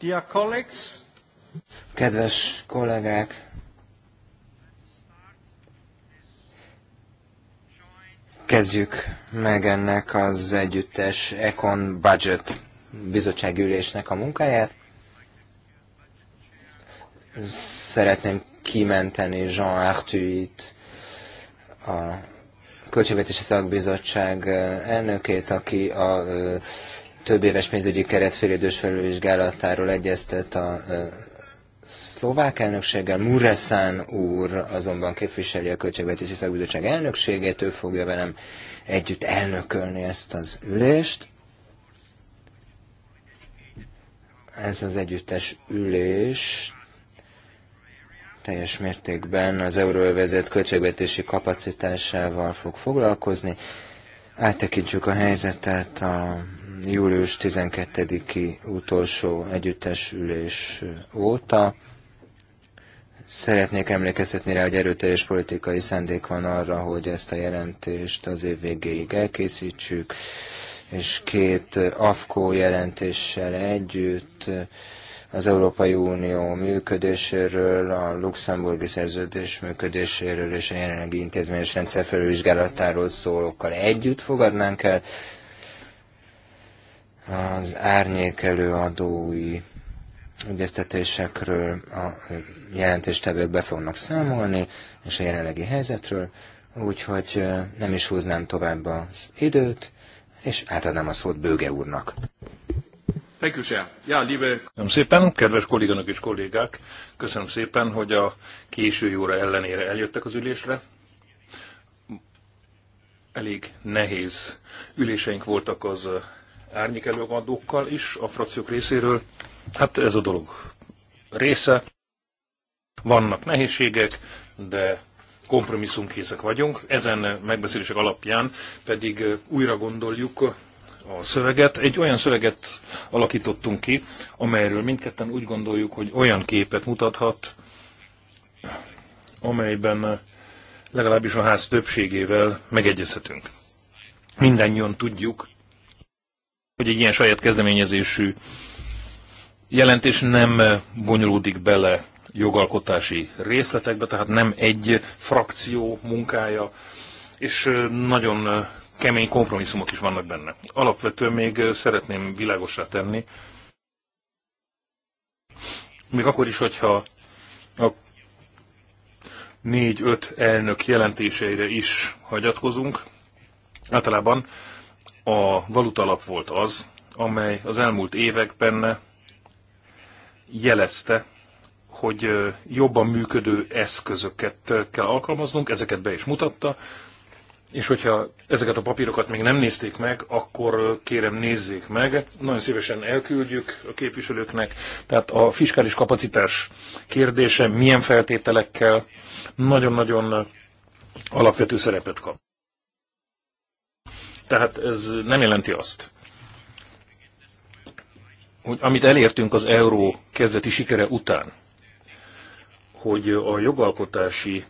Dear colleagues. Kedves kollégák! Kezdjük meg ennek az együttes Econ Budget bizottságülésnek a munkáját. Szeretném kimenteni Jean Arthuit, a Költségvetési Szakbizottság elnökét, aki a több éves pénzügyi keret félidős felülvizsgálatáról egyeztet a szlovák elnökséggel. Muresan úr azonban képviseli a Költségvetési Szakbizottság elnökségét, ő fogja velem együtt elnökölni ezt az ülést. Ez az együttes ülés teljes mértékben az euróövezet költségvetési kapacitásával fog foglalkozni. Áttekintjük a helyzetet a július 12-i utolsó együttes ülés óta. Szeretnék emlékeztetni rá, hogy erőteljes politikai szándék van arra, hogy ezt a jelentést az év végéig elkészítsük, és két AFKO jelentéssel együtt az Európai Unió működéséről, a luxemburgi szerződés működéséről és a jelenlegi intézményes rendszer felülvizsgálatáról szólókkal együtt fogadnánk el, az árnyék előadói egyeztetésekről a jelentéstevők be fognak számolni, és a jelenlegi helyzetről, úgyhogy nem is húznám tovább az időt, és átadnám a szót Bőge úrnak. Köszönöm szépen, kedves kolléganok és kollégák, köszönöm szépen, hogy a késői óra ellenére eljöttek az ülésre. Elég nehéz üléseink voltak az árnyékelőadókkal is a frakciók részéről. Hát ez a dolog része. Vannak nehézségek, de kompromisszumkészek vagyunk. Ezen megbeszélések alapján pedig újra gondoljuk a szöveget. Egy olyan szöveget alakítottunk ki, amelyről mindketten úgy gondoljuk, hogy olyan képet mutathat, amelyben legalábbis a ház többségével megegyezhetünk. Mindennyian tudjuk, hogy egy ilyen saját kezdeményezésű jelentés nem bonyolódik bele jogalkotási részletekbe, tehát nem egy frakció munkája, és nagyon kemény kompromisszumok is vannak benne. Alapvetően még szeretném világosra tenni, még akkor is, hogyha a négy-öt elnök jelentéseire is hagyatkozunk, általában a valutalap volt az, amely az elmúlt években jelezte, hogy jobban működő eszközöket kell alkalmaznunk, ezeket be is mutatta, és hogyha ezeket a papírokat még nem nézték meg, akkor kérem nézzék meg. Nagyon szívesen elküldjük a képviselőknek. Tehát a fiskális kapacitás kérdése milyen feltételekkel nagyon-nagyon alapvető szerepet kap. Tehát ez nem jelenti azt, hogy amit elértünk az euró kezdeti sikere után, hogy a jogalkotási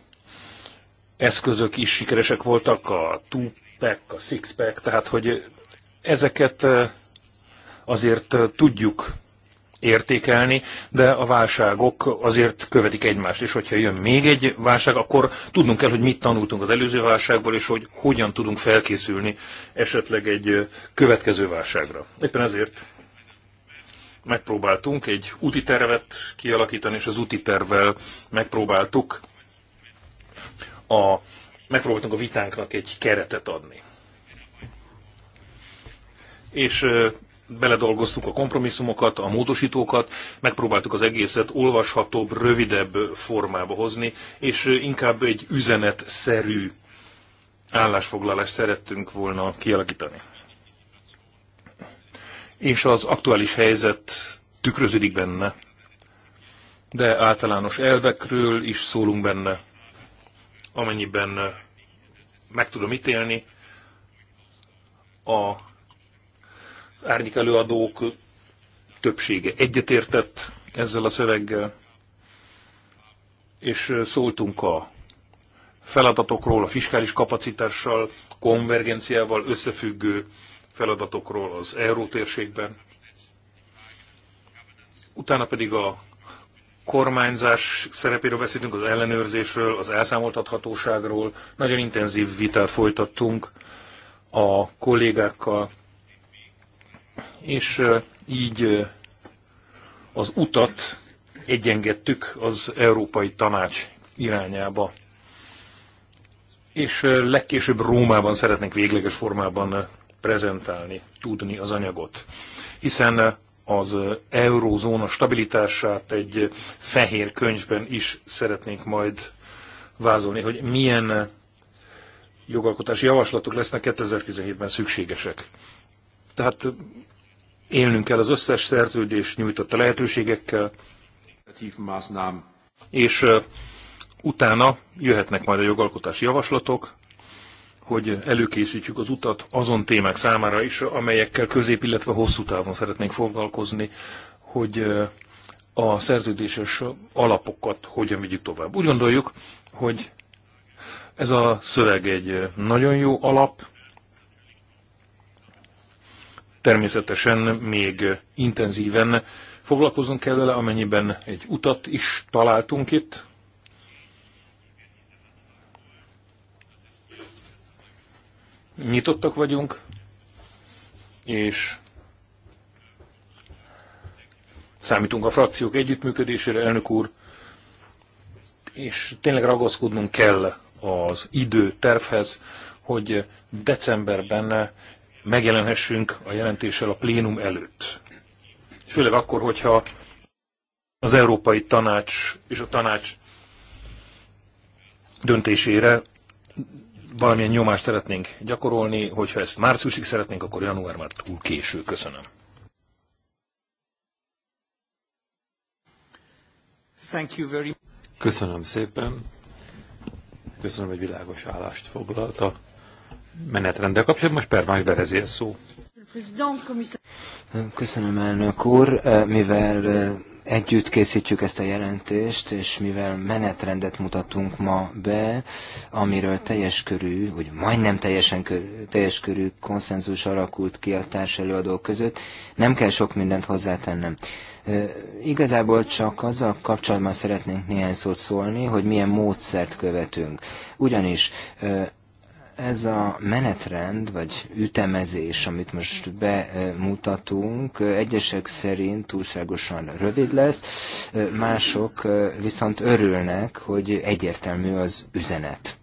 eszközök is sikeresek voltak, a two-pack, a six-pack, tehát hogy ezeket eh, azért eh, tudjuk értékelni, de a válságok azért követik egymást, és hogyha jön még egy válság, akkor tudnunk kell, hogy mit tanultunk az előző válságból, és hogy hogyan tudunk felkészülni esetleg egy következő válságra. Éppen ezért megpróbáltunk egy úti tervet kialakítani, és az úti tervvel megpróbáltuk a, megpróbáltunk a vitánknak egy keretet adni. És beledolgoztuk a kompromisszumokat, a módosítókat, megpróbáltuk az egészet olvashatóbb, rövidebb formába hozni, és inkább egy üzenetszerű állásfoglalást szerettünk volna kialakítani. És az aktuális helyzet tükröződik benne, de általános elvekről is szólunk benne, amennyiben meg tudom ítélni, a árnyék előadók többsége egyetértett ezzel a szöveggel, és szóltunk a feladatokról, a fiskális kapacitással, konvergenciával összefüggő feladatokról az eurótérségben. Utána pedig a kormányzás szerepéről beszéltünk, az ellenőrzésről, az elszámoltathatóságról. Nagyon intenzív vitát folytattunk a kollégákkal, és így az utat egyengettük az Európai Tanács irányába. És legkésőbb Rómában szeretnénk végleges formában prezentálni, tudni az anyagot. Hiszen az eurózóna stabilitását egy fehér könyvben is szeretnénk majd vázolni, hogy milyen jogalkotási javaslatok lesznek 2017-ben szükségesek. Tehát Élnünk kell az összes szerződés nyújtotta lehetőségekkel, és utána jöhetnek majd a jogalkotási javaslatok, hogy előkészítjük az utat azon témák számára is, amelyekkel közép, illetve hosszú távon szeretnénk foglalkozni, hogy a szerződéses alapokat hogyan vigyük tovább. Úgy gondoljuk, hogy ez a szöveg egy nagyon jó alap, Természetesen még intenzíven foglalkozunk kell vele, amennyiben egy utat is találtunk itt. Nyitottak vagyunk, és számítunk a frakciók együttműködésére, elnök úr, és tényleg ragaszkodnunk kell az idő tervhez, hogy decemberben megjelenhessünk a jelentéssel a plénum előtt. Főleg akkor, hogyha az Európai Tanács és a Tanács döntésére valamilyen nyomást szeretnénk gyakorolni, hogyha ezt márciusig szeretnénk, akkor január már túl késő. Köszönöm. Thank you very... Köszönöm szépen. Köszönöm, hogy világos állást foglalta menetrendel kapcsolatban. Most Permás Berezi a szó. Köszönöm, elnök úr. Eh, mivel eh, együtt készítjük ezt a jelentést, és mivel menetrendet mutatunk ma be, amiről teljes körű, vagy majdnem teljesen körű, teljes körű konszenzus alakult ki a társelőadók között, nem kell sok mindent hozzátennem. Eh, igazából csak azzal kapcsolatban szeretnénk néhány szót szólni, hogy milyen módszert követünk. Ugyanis ez a menetrend, vagy ütemezés, amit most bemutatunk, egyesek szerint túlságosan rövid lesz, mások viszont örülnek, hogy egyértelmű az üzenet.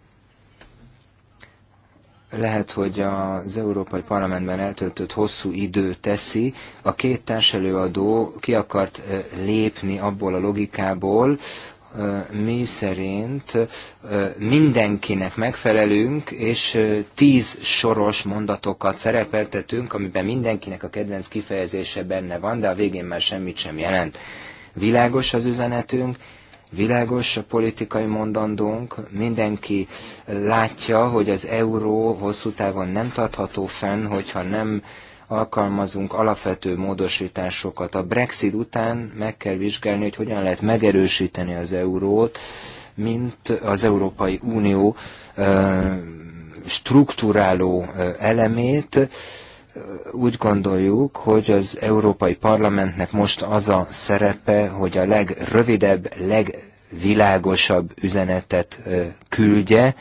Lehet, hogy az Európai Parlamentben eltöltött hosszú idő teszi, a két társelőadó ki akart lépni abból a logikából, mi szerint mindenkinek megfelelünk, és tíz soros mondatokat szerepeltetünk, amiben mindenkinek a kedvenc kifejezése benne van, de a végén már semmit sem jelent. Világos az üzenetünk, világos a politikai mondandónk, mindenki látja, hogy az euró hosszú távon nem tartható fenn, hogyha nem alkalmazunk alapvető módosításokat. A Brexit után meg kell vizsgálni, hogy hogyan lehet megerősíteni az eurót, mint az Európai Unió strukturáló elemét, úgy gondoljuk, hogy az Európai Parlamentnek most az a szerepe, hogy a legrövidebb, legvilágosabb üzenetet küldje,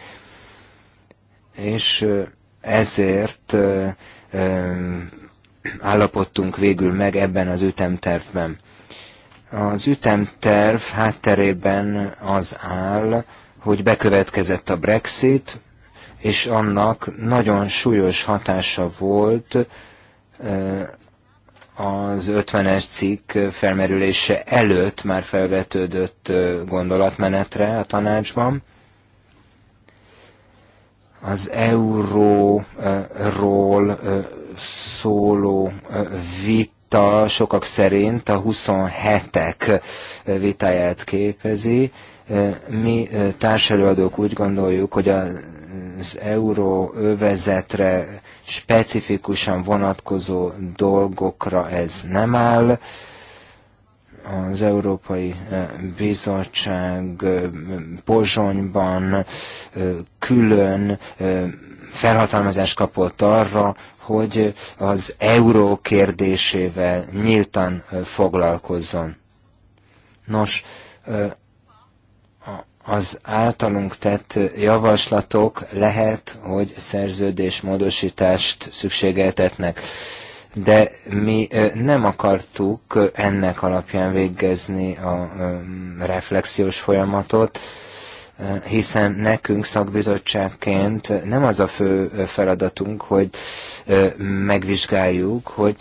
és ezért állapodtunk végül meg ebben az ütemtervben. Az ütemterv hátterében az áll, hogy bekövetkezett a Brexit, és annak nagyon súlyos hatása volt e, az 50-es cikk felmerülése előtt már felvetődött e, gondolatmenetre a tanácsban az euróról szóló vita sokak szerint a 27-ek vitáját képezi. Mi társelőadók úgy gondoljuk, hogy az euróövezetre specifikusan vonatkozó dolgokra ez nem áll az Európai eh, Bizottság eh, Pozsonyban eh, külön felhatalmazást kapott arra, hogy az euró kérdésével nyíltan foglalkozzon. Nos, az általunk tett javaslatok lehet, hogy szerződésmódosítást szükségeltetnek de mi nem akartuk ennek alapján végezni a reflexiós folyamatot, hiszen nekünk szakbizottságként nem az a fő feladatunk, hogy megvizsgáljuk, hogy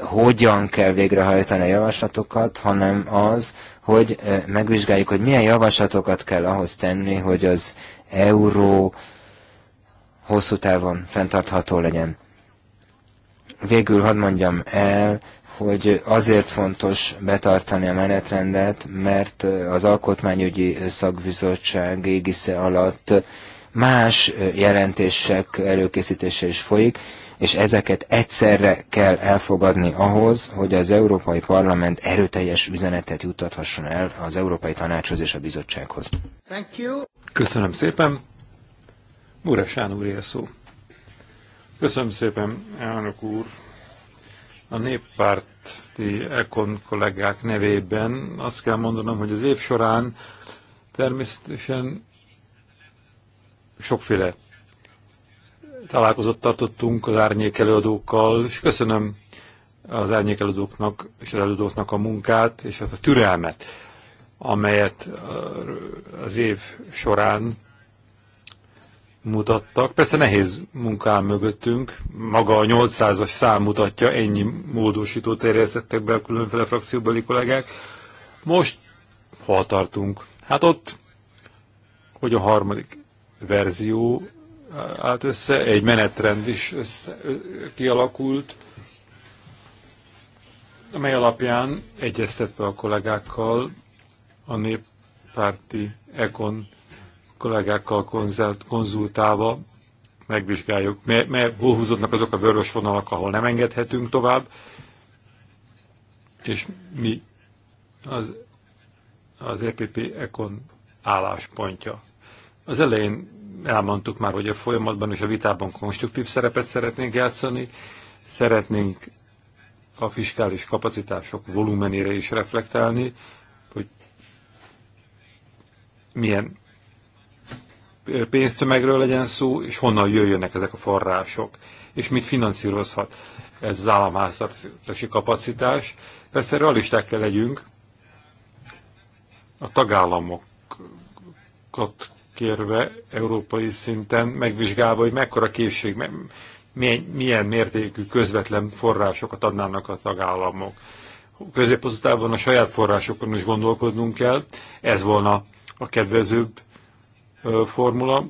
hogyan kell végrehajtani a javaslatokat, hanem az, hogy megvizsgáljuk, hogy milyen javaslatokat kell ahhoz tenni, hogy az euró hosszú távon fenntartható legyen végül hadd mondjam el, hogy azért fontos betartani a menetrendet, mert az Alkotmányügyi Szakbizottság égisze alatt más jelentések előkészítése is folyik, és ezeket egyszerre kell elfogadni ahhoz, hogy az Európai Parlament erőteljes üzenetet juttathasson el az Európai Tanácshoz és a Bizottsághoz. Thank you. Köszönöm szépen. Muresán úr szó. Köszönöm szépen, elnök úr. A néppárti Ekon kollégák nevében azt kell mondanom, hogy az év során természetesen sokféle találkozott tartottunk az árnyék előadókkal, és köszönöm az árnyék előadóknak és az előadóknak a munkát, és az a türelmet, amelyet az év során mutattak. Persze nehéz munkám mögöttünk, maga a 800-as szám mutatja, ennyi módosító terjesztettek be a különféle frakcióbeli kollégák. Most hol tartunk? Hát ott, hogy a harmadik verzió állt össze, egy menetrend is össze, kialakult, amely alapján egyeztetve a kollégákkal a néppárti Ekon kollégákkal konzult, konzultálva megvizsgáljuk, mert, mert hol húzódnak azok a vörös vonalak, ahol nem engedhetünk tovább, és mi az, az EPP Econ álláspontja. Az elején elmondtuk már, hogy a folyamatban és a vitában konstruktív szerepet szeretnénk játszani, szeretnénk a fiskális kapacitások volumenére is reflektálni, hogy milyen pénztömegről legyen szó, és honnan jöjjönnek ezek a források, és mit finanszírozhat ez az államháztartási kapacitás. Persze realisták kell legyünk, a tagállamokat kérve európai szinten megvizsgálva, hogy mekkora készség, milyen, milyen mértékű közvetlen forrásokat adnának a tagállamok. Középosztában a saját forrásokon is gondolkodnunk kell, ez volna a kedvezőbb formula,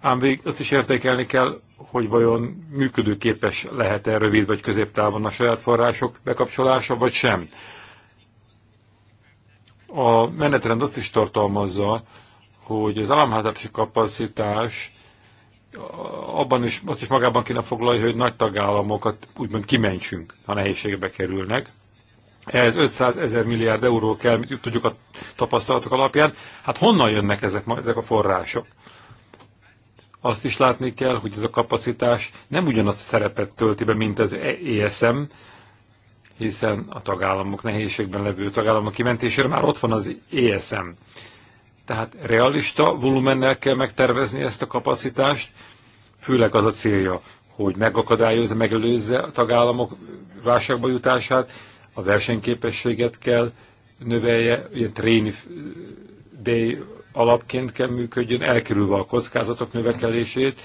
ám végig azt is értékelni kell, hogy vajon működőképes lehet-e rövid vagy középtávon a saját források bekapcsolása, vagy sem. A menetrend azt is tartalmazza, hogy az államházási kapacitás abban is, azt is magában kéne foglalja, hogy nagy tagállamokat úgymond kimentsünk, ha nehézségbe kerülnek ehhez 500 ezer milliárd euró kell, mit tudjuk a tapasztalatok alapján. Hát honnan jönnek ezek, ezek a források? Azt is látni kell, hogy ez a kapacitás nem ugyanazt a szerepet tölti be, mint az ESM, hiszen a tagállamok nehézségben levő tagállamok kimentésére már ott van az ESM. Tehát realista volumennel kell megtervezni ezt a kapacitást, főleg az a célja, hogy megakadályozza, megelőzze a tagállamok válságba jutását, a versenyképességet kell növelje, ilyen tréni day alapként kell működjön, elkerülve a kockázatok növekedését,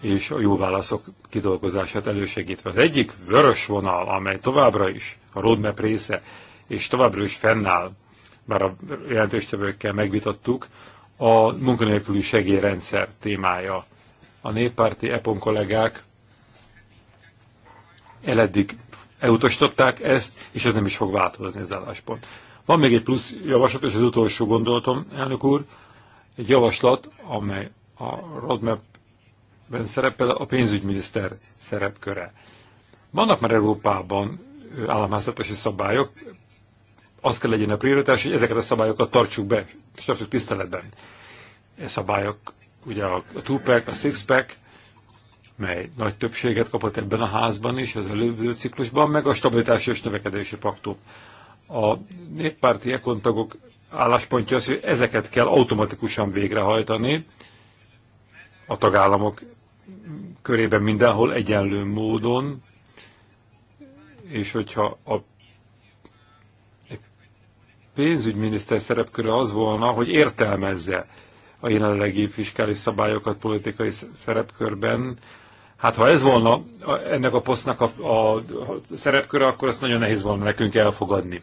és a jó válaszok kidolgozását elősegítve. Az egyik vörös vonal, amely továbbra is a roadmap része, és továbbra is fennáll, bár a jelentéstevőkkel megvitattuk, a munkanélküli segélyrendszer témája. A néppárti EPON kollégák eleddig elutasították ezt, és ez nem is fog változni az álláspont. Van még egy plusz javaslat, és az utolsó gondolatom, elnök úr, egy javaslat, amely a roadmapben szerepel a pénzügyminiszter szerepköre. Vannak már Európában államháztartási szabályok, az kell legyen a prioritás, hogy ezeket a szabályokat tartsuk be, és tartsuk tiszteletben. E szabályok, ugye a two-pack, a six-pack, mely nagy többséget kapott ebben a házban is, az előző ciklusban, meg a stabilitási és növekedési paktum. A néppárti ekontagok álláspontja az, hogy ezeket kell automatikusan végrehajtani a tagállamok körében mindenhol egyenlő módon, és hogyha a pénzügyminiszter szerepköre az volna, hogy értelmezze a jelenlegi fiskális szabályokat politikai szerepkörben, Hát ha ez volna ennek a posztnak a, a szerepköre, akkor ezt nagyon nehéz volna nekünk elfogadni.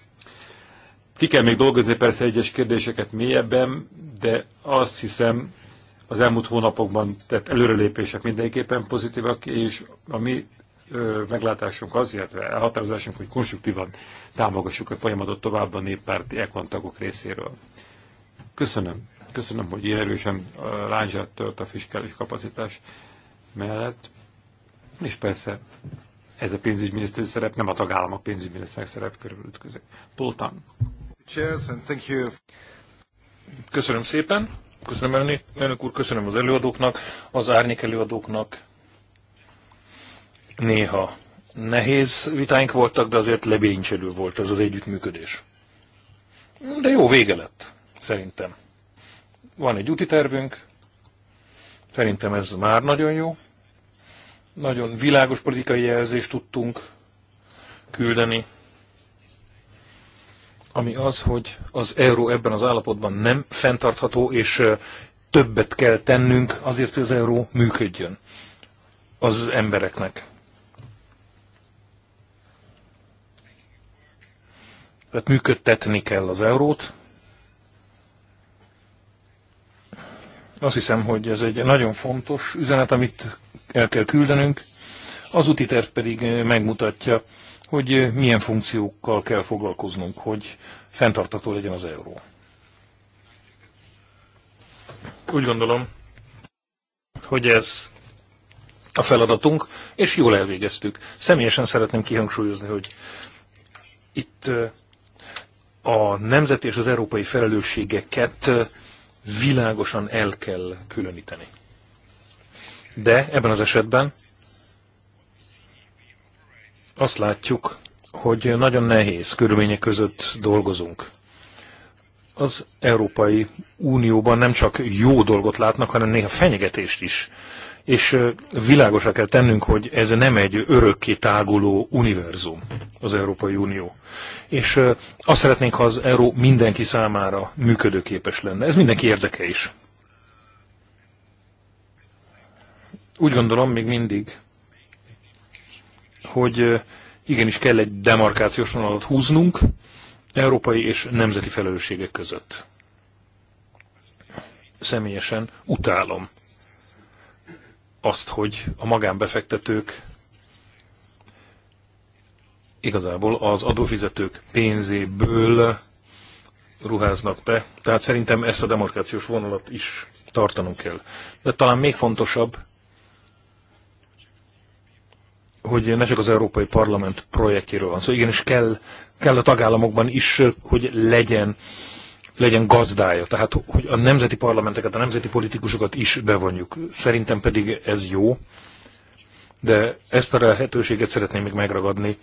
Ki kell még dolgozni persze egyes kérdéseket mélyebben, de azt hiszem az elmúlt hónapokban tett előrelépések mindenképpen pozitívak, és a mi ö, meglátásunk az, illetve elhatározásunk, hogy konstruktívan támogassuk a folyamatot tovább a néppárti tagok részéről. Köszönöm. Köszönöm, hogy ilyen erősen lányzsát tölt a fiskális kapacitás mellett. És persze ez a pénzügyminiszteri szerep nem a tagállamok pénzügyminiszterek szerep körül ütközik. Poltan. Köszönöm szépen. Köszönöm elnök, úr, köszönöm az előadóknak, az árnyék előadóknak. Néha nehéz vitáink voltak, de azért lebénycselő volt ez az együttműködés. De jó vége lett, szerintem. Van egy úti tervünk, szerintem ez már nagyon jó. Nagyon világos politikai jelzést tudtunk küldeni, ami az, hogy az euró ebben az állapotban nem fenntartható, és többet kell tennünk azért, hogy az euró működjön az embereknek. Tehát működtetni kell az eurót. Azt hiszem, hogy ez egy nagyon fontos üzenet, amit el kell küldenünk. Az úti terv pedig eh, megmutatja, hogy eh, milyen funkciókkal kell foglalkoznunk, hogy fenntartató legyen az euró. Úgy gondolom, hogy ez a feladatunk, és jól elvégeztük. Személyesen szeretném kihangsúlyozni, hogy itt eh, a nemzet és az európai felelősségeket világosan el kell különíteni de ebben az esetben azt látjuk, hogy nagyon nehéz körülmények között dolgozunk. Az Európai Unióban nem csak jó dolgot látnak, hanem néha fenyegetést is. És világosra kell tennünk, hogy ez nem egy örökké táguló univerzum, az Európai Unió. És azt szeretnénk, ha az euró mindenki számára működőképes lenne. Ez mindenki érdeke is. Úgy gondolom még mindig, hogy igenis kell egy demarkációs vonalat húznunk európai és nemzeti felelősségek között. Személyesen utálom azt, hogy a magánbefektetők igazából az adófizetők pénzéből ruháznak be. Tehát szerintem ezt a demarkációs vonalat is tartanunk kell. De talán még fontosabb, hogy ne csak az Európai Parlament projektjéről van szó, szóval igenis kell, kell a tagállamokban is, hogy legyen, legyen gazdája, tehát hogy a nemzeti parlamenteket, a nemzeti politikusokat is bevonjuk. Szerintem pedig ez jó, de ezt a lehetőséget szeretném még megragadni,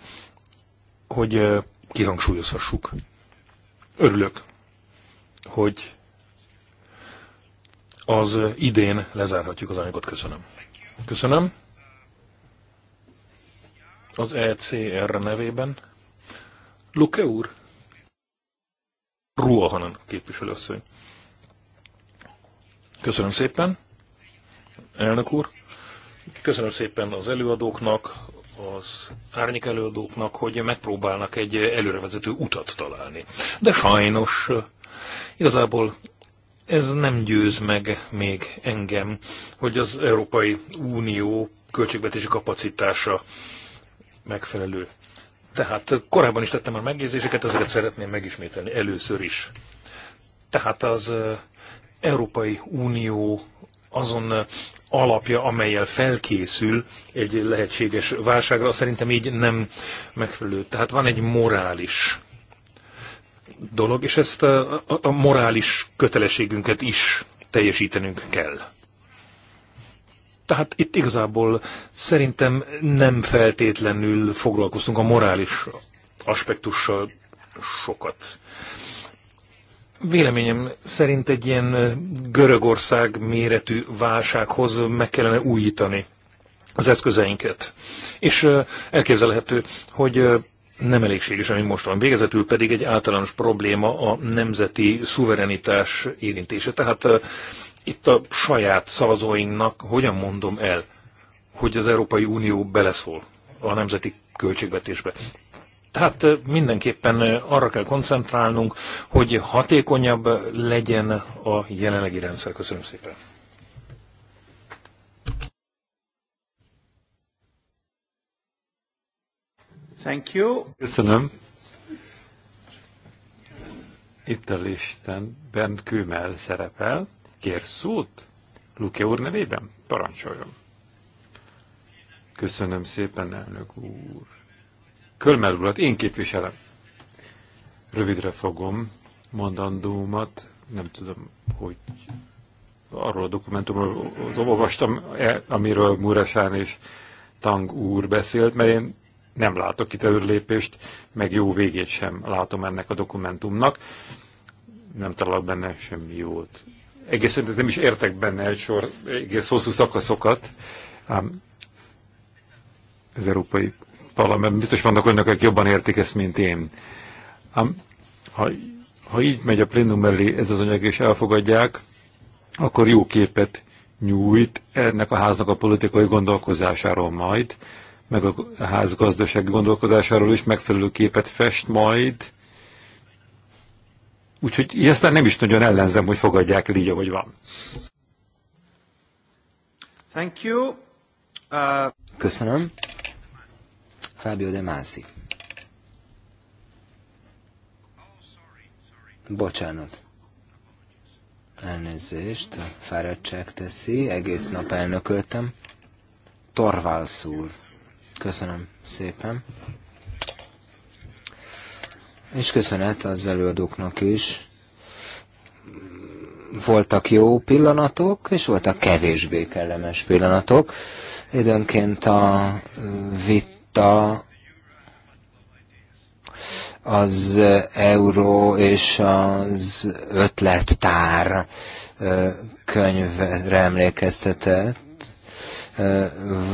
hogy kihangsúlyozhassuk. Örülök, hogy az idén lezárhatjuk az anyagot. Köszönöm. Köszönöm az ECR nevében. Luke úr? képviselő asszony. Köszönöm szépen, elnök úr. Köszönöm szépen az előadóknak, az árnyék előadóknak, hogy megpróbálnak egy előrevezető utat találni. De sajnos igazából ez nem győz meg még engem, hogy az Európai Unió költségvetési kapacitása megfelelő. Tehát korábban is tettem már megjegyzéseket, ezeket szeretném megismételni először is. Tehát az Európai Unió azon alapja, amelyel felkészül egy lehetséges válságra, szerintem így nem megfelelő. Tehát van egy morális dolog, és ezt a, a, a morális kötelességünket is teljesítenünk kell. Tehát itt igazából szerintem nem feltétlenül foglalkoztunk a morális aspektussal sokat. Véleményem szerint egy ilyen Görögország méretű válsághoz meg kellene újítani az eszközeinket. És elképzelhető, hogy nem elégséges, ami most van. Végezetül pedig egy általános probléma a nemzeti szuverenitás érintése. Tehát itt a saját szavazóinknak hogyan mondom el, hogy az Európai Unió beleszól a nemzeti költségvetésbe. Tehát mindenképpen arra kell koncentrálnunk, hogy hatékonyabb legyen a jelenlegi rendszer. Köszönöm szépen. Thank you. Köszönöm. Itt a listán Bent Kümel szerepel kér szót? Luke úr nevében? Parancsoljon. Köszönöm szépen, elnök úr. Kölmel urat én képviselem. Rövidre fogom mondandómat, nem tudom, hogy arról a dokumentumról az olvastam, -e, amiről Muresán és Tang úr beszélt, mert én nem látok itt előrelépést, meg jó végét sem látom ennek a dokumentumnak. Nem találok benne semmi jót egészen nem is értek benne egy sor egész hosszú szakaszokat, ám az Európai Parlament, biztos vannak önök, akik jobban értik ezt, mint én. Ám ha, ha így megy a plénum elé ez az anyag és elfogadják, akkor jó képet nyújt ennek a háznak a politikai gondolkozásáról majd, meg a ház gazdasági gondolkozásáról is megfelelő képet fest majd, Úgyhogy én aztán nem is nagyon ellenzem, hogy fogadják el így, ahogy van. Thank you. Uh... Köszönöm. Fábio De Mászi. Bocsánat. Elnézést, fáradtság teszi, egész nap elnököltem. Torvalsz úr. Köszönöm szépen és köszönet az előadóknak is. Voltak jó pillanatok, és voltak kevésbé kellemes pillanatok. Időnként a vita az euró és az ötlettár könyvre emlékeztetett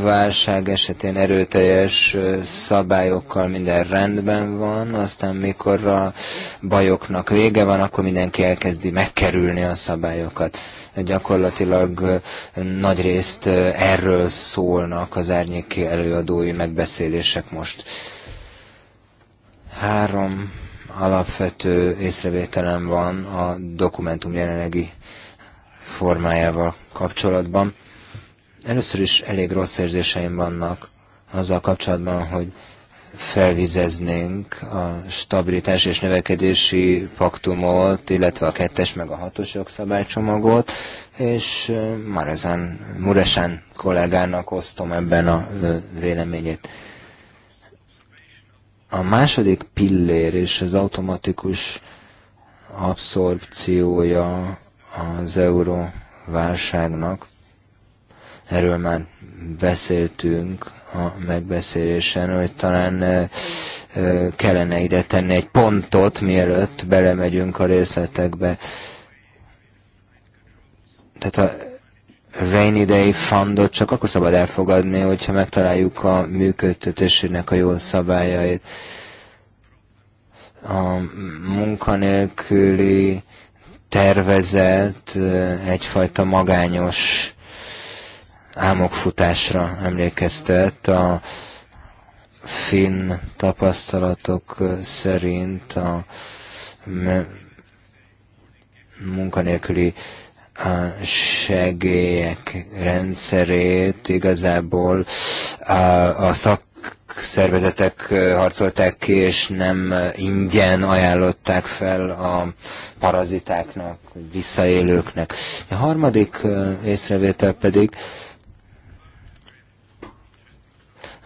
válság esetén erőteljes szabályokkal minden rendben van, aztán mikor a bajoknak vége van, akkor mindenki elkezdi megkerülni a szabályokat. Gyakorlatilag nagy részt erről szólnak az árnyéki előadói megbeszélések most. Három alapvető észrevételem van a dokumentum jelenlegi formájával kapcsolatban Először is elég rossz érzéseim vannak azzal kapcsolatban, hogy felvizeznénk a stabilitás és növekedési paktumot, illetve a kettes meg a hatos jogszabálycsomagot, és már ezen Muresán kollégának osztom ebben a véleményét. A második pillér és az automatikus abszorpciója az euró válságnak erről már beszéltünk a megbeszélésen, hogy talán kellene ide tenni egy pontot, mielőtt belemegyünk a részletekbe. Tehát a Rainy Day Fundot csak akkor szabad elfogadni, hogyha megtaláljuk a működtetésének a jó szabályait. A munkanélküli tervezet egyfajta magányos álmokfutásra emlékeztet. A finn tapasztalatok szerint a munkanélküli a segélyek rendszerét igazából a, a szakszervezetek harcolták ki, és nem ingyen ajánlották fel a parazitáknak, visszaélőknek. A harmadik észrevétel pedig,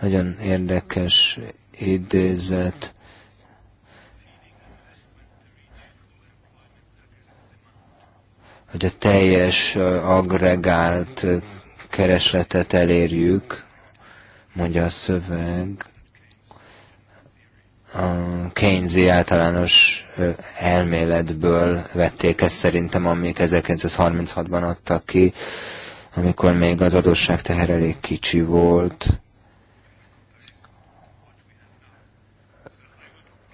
nagyon érdekes idézet. hogy a teljes agregált keresletet elérjük, mondja a szöveg, a Keynesi általános elméletből vették ezt szerintem, amit 1936-ban adtak ki, amikor még az adósság teher elég kicsi volt.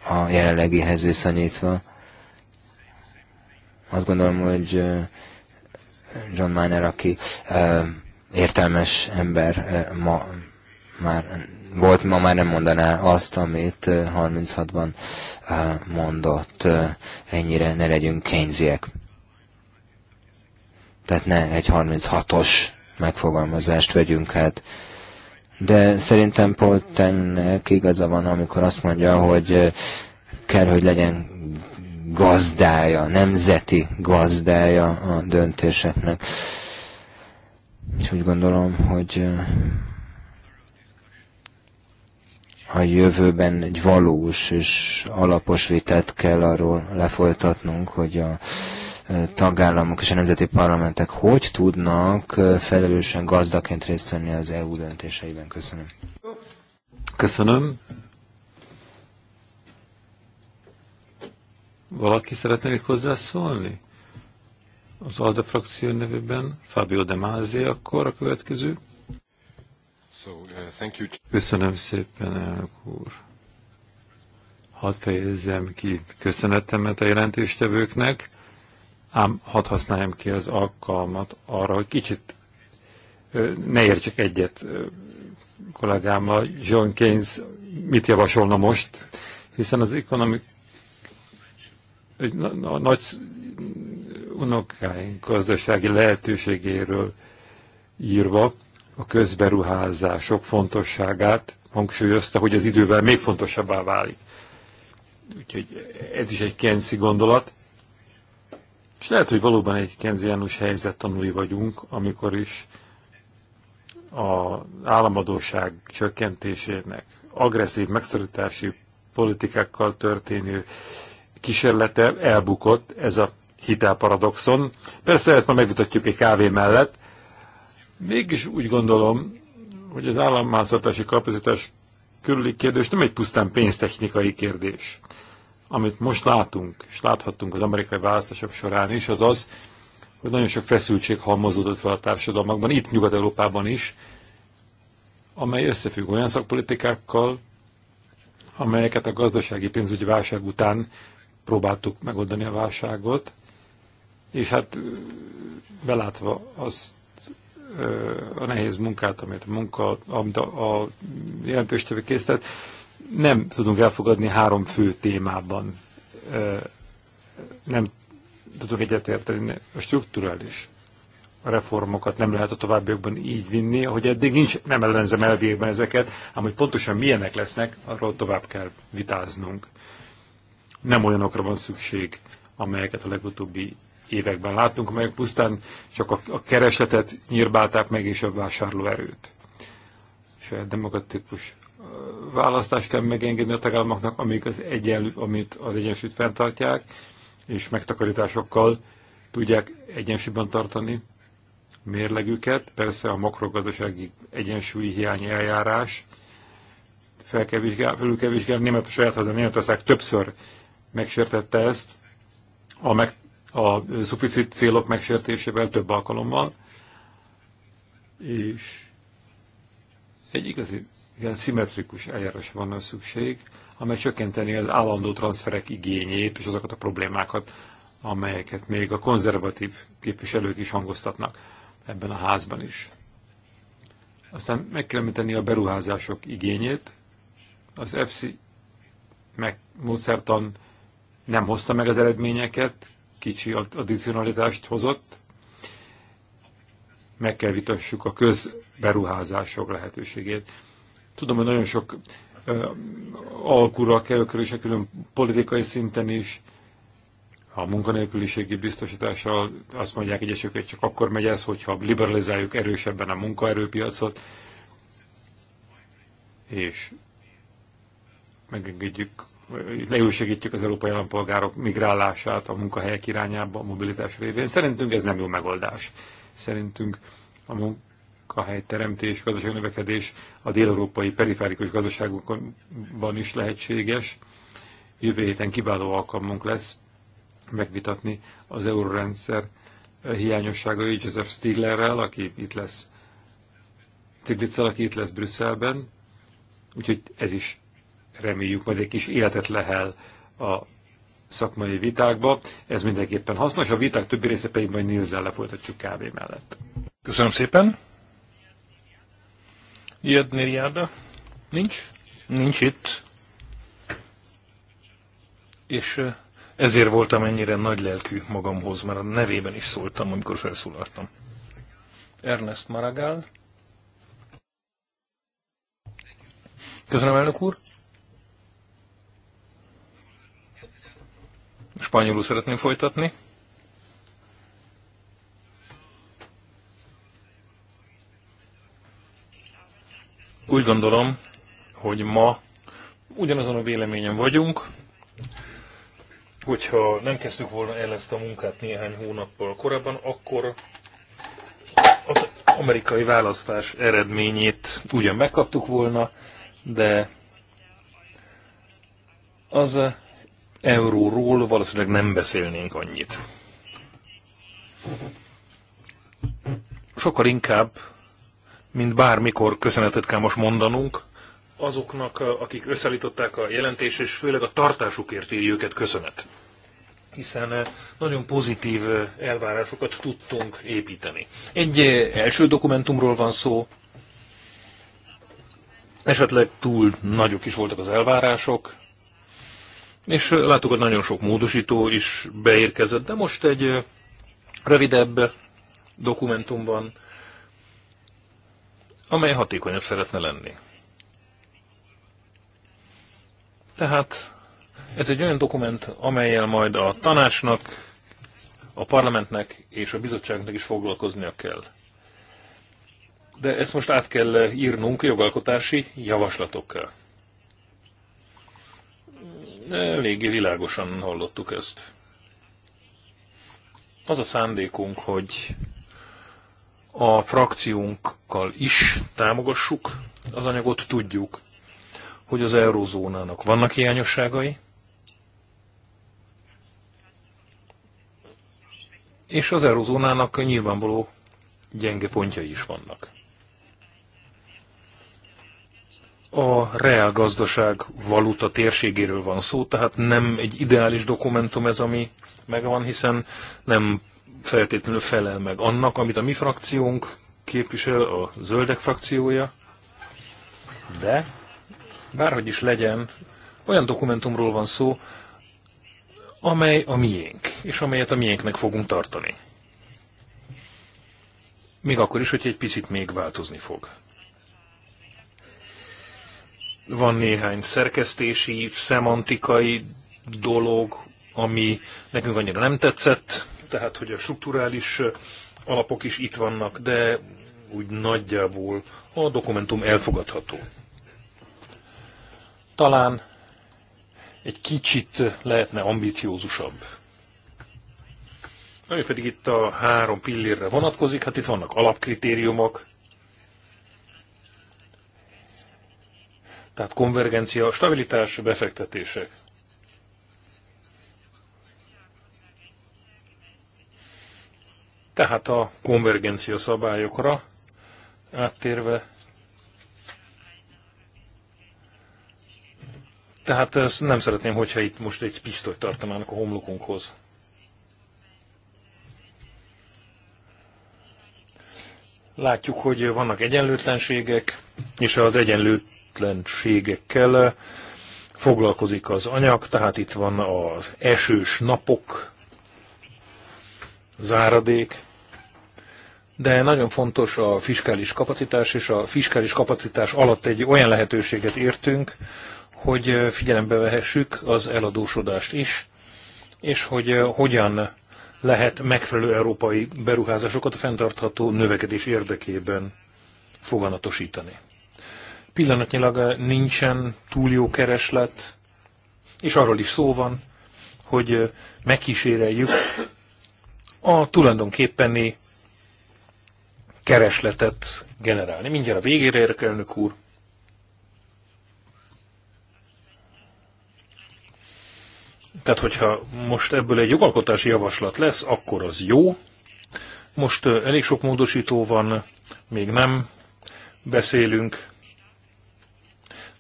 a jelenlegihez viszonyítva. Azt gondolom, hogy John Miner, aki értelmes ember ma már volt, ma már nem mondaná azt, amit 36-ban mondott. Ennyire ne legyünk kényziek. Tehát ne egy 36-os megfogalmazást vegyünk hát de szerintem Poltennek igaza van, amikor azt mondja, hogy eh, kell, hogy legyen gazdája, nemzeti gazdája a döntéseknek. És úgy gondolom, hogy eh, a jövőben egy valós és alapos vitát kell arról lefolytatnunk, hogy a tagállamok és a nemzeti parlamentek hogy tudnak felelősen gazdaként részt venni az EU döntéseiben. Köszönöm. Köszönöm. Valaki szeretne még hozzászólni? Az ALDE frakció nevében Fábio De Mázi akkor a következő. So, uh, thank you. Köszönöm szépen, elnök úr. Hadd fejezzem ki köszönetemet a jelentéstevőknek ám hadd használjam ki az alkalmat arra, hogy kicsit ne értsek egyet kollégámmal, John Keynes mit javasolna most, hiszen az ekonomik egy nagy unokáink gazdasági lehetőségéről írva a közberuházások fontosságát hangsúlyozta, hogy az idővel még fontosabbá válik. Úgyhogy ez is egy kenci gondolat. És lehet, hogy valóban egy kenziánus helyzet tanulni vagyunk, amikor is az államadóság csökkentésének agresszív megszorítási politikákkal történő kísérlete elbukott ez a hitelparadoxon. Persze ezt már megvitatjuk egy kávé mellett. Mégis úgy gondolom, hogy az állammáztartási kapacitás körüli kérdés nem egy pusztán pénztechnikai kérdés amit most látunk, és láthattunk az amerikai választások során is, az az, hogy nagyon sok feszültség halmozódott fel a társadalmakban, itt Nyugat-Európában is, amely összefügg olyan szakpolitikákkal, amelyeket a gazdasági pénzügyi válság után próbáltuk megoldani a válságot, és hát belátva azt a nehéz munkát, amit a munka, amit a, a jelentéstevő készített, nem tudunk elfogadni három fő témában. Nem tudunk egyetérteni. A strukturális reformokat nem lehet a továbbiakban így vinni, hogy eddig nincs, nem ellenzem elvégben ezeket, ám hogy pontosan milyenek lesznek, arról tovább kell vitáznunk. Nem olyanokra van szükség, amelyeket a legutóbbi években láttunk, amelyek pusztán csak a, a keresletet nyírbálták meg és a vásárlóerőt. És a demokratikus választást kell megengedni a tagállamoknak, amik az egyenlő, amit az egyensúlyt fenntartják, és megtakarításokkal tudják egyensúlyban tartani mérlegüket. Persze a makrogazdasági egyensúlyi hiány eljárás fel kell vizsgálni, felül kell vizsgálni. Német, a saját haza Németország többször megsértette ezt a, meg, a szuficit célok megsértésével több alkalommal, és egy igazi igen szimmetrikus eljárás van a szükség, amely csökkenteni az állandó transferek igényét és azokat a problémákat, amelyeket még a konzervatív képviselők is hangoztatnak ebben a házban is. Aztán meg kell említeni a beruházások igényét. Az FC meg módszertan nem hozta meg az eredményeket, kicsi addicionalitást hozott. Meg kell vitassuk a közberuházások lehetőségét. Tudom, hogy nagyon sok alkúra kell különösen külön politikai szinten is, a munkanélküliségi biztosítással azt mondják egyesek, hogy csak akkor megy ez, hogyha liberalizáljuk erősebben a munkaerőpiacot, és megengedjük, lejúsegítjük az európai állampolgárok migrálását a munkahelyek irányába, a mobilitás révén. Szerintünk ez nem jó megoldás. Szerintünk a munkahelyteremtés, gazdasági növekedés a dél-európai periférikus gazdaságokban is lehetséges. Jövő héten kiváló alkalmunk lesz megvitatni az eurórendszer hiányosságai Joseph Stiglerrel, aki itt lesz Tiglitzel, aki itt lesz Brüsszelben. Úgyhogy ez is reméljük majd egy kis életet lehel a szakmai vitákba. Ez mindenképpen hasznos, a viták többi része pedig majd Nilzzel lefolytatjuk kávé mellett. Köszönöm szépen! Jödnériáda? Nincs? Nincs itt. És ezért voltam ennyire nagy lelkű magamhoz, mert a nevében is szóltam, amikor felszólaltam. Ernest Maragall. Köszönöm, elnök úr. Spanyolul szeretném folytatni. Úgy gondolom, hogy ma ugyanazon a véleményen vagyunk, hogyha nem kezdtük volna el ezt a munkát néhány hónappal korábban, akkor az amerikai választás eredményét ugyan megkaptuk volna, de az euróról valószínűleg nem beszélnénk annyit. Sokkal inkább mint bármikor köszönetet kell most mondanunk azoknak, akik összeállították a jelentést, és főleg a tartásukért éri őket köszönet. Hiszen eh, nagyon pozitív eh, elvárásokat tudtunk építeni. Egy eh, első dokumentumról van szó, esetleg túl nagyok is voltak az elvárások, és láttuk, hogy nagyon sok módosító is beérkezett, de most egy rövidebb dokumentum van, amely hatékonyabb szeretne lenni. Tehát ez egy olyan dokument, amelyel majd a tanácsnak, a parlamentnek és a bizottságnak is foglalkoznia kell. De ezt most át kell írnunk jogalkotási javaslatokkal. Eléggé világosan hallottuk ezt. Az a szándékunk, hogy a frakciónkkal is támogassuk az anyagot, tudjuk, hogy az eurózónának vannak hiányosságai, és az eurózónának nyilvánvaló gyenge pontjai is vannak. A reál gazdaság valuta térségéről van szó, tehát nem egy ideális dokumentum ez, ami megvan, hiszen nem feltétlenül felel meg annak, amit a mi frakciónk képvisel, a zöldek frakciója, de bárhogy is legyen, olyan dokumentumról van szó, amely a miénk, és amelyet a miénknek fogunk tartani. Még akkor is, hogy egy picit még változni fog. Van néhány szerkesztési, szemantikai dolog, ami nekünk annyira nem tetszett, tehát hogy a strukturális alapok is itt vannak, de úgy nagyjából a dokumentum elfogadható. Talán egy kicsit lehetne ambiciózusabb. Ami pedig itt a három pillérre vonatkozik, hát itt vannak alapkritériumok, tehát konvergencia, stabilitás, befektetések. Tehát a konvergencia szabályokra áttérve, tehát ezt nem szeretném, hogyha itt most egy pisztolyt tartanának a homlokunkhoz. Látjuk, hogy vannak egyenlőtlenségek, és az egyenlőtlenségekkel foglalkozik az anyag, tehát itt van az esős napok, záradék, de nagyon fontos a fiskális kapacitás, és a fiskális kapacitás alatt egy olyan lehetőséget értünk, hogy figyelembe vehessük az eladósodást is, és hogy hogyan lehet megfelelő európai beruházásokat a fenntartható növekedés érdekében foganatosítani. Pillanatnyilag nincsen túl jó kereslet, és arról is szó van, hogy megkíséreljük a tulajdonképpeni keresletet generálni. Mindjárt a végére érek, elnök úr. Tehát, hogyha most ebből egy jogalkotási javaslat lesz, akkor az jó. Most elég sok módosító van, még nem beszélünk,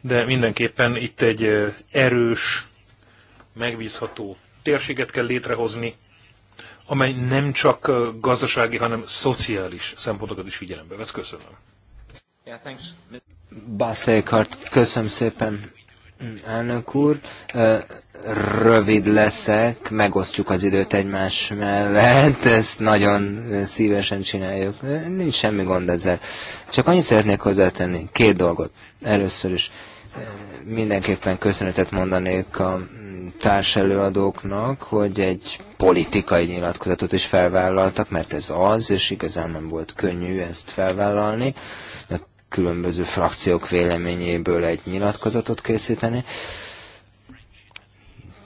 de mindenképpen itt egy erős, megbízható térséget kell létrehozni, amely nem csak gazdasági, hanem szociális szempontokat is figyelembe vesz. Köszönöm. Yeah, Bászékart, köszönöm szépen. Elnök úr, rövid leszek, megosztjuk az időt egymás mellett, ezt nagyon szívesen csináljuk. Nincs semmi gond ezzel. Csak annyit szeretnék hozzátenni, két dolgot. Először is mindenképpen köszönetet mondanék a társelőadóknak, hogy egy politikai nyilatkozatot is felvállaltak, mert ez az, és igazán nem volt könnyű ezt felvállalni, a különböző frakciók véleményéből egy nyilatkozatot készíteni.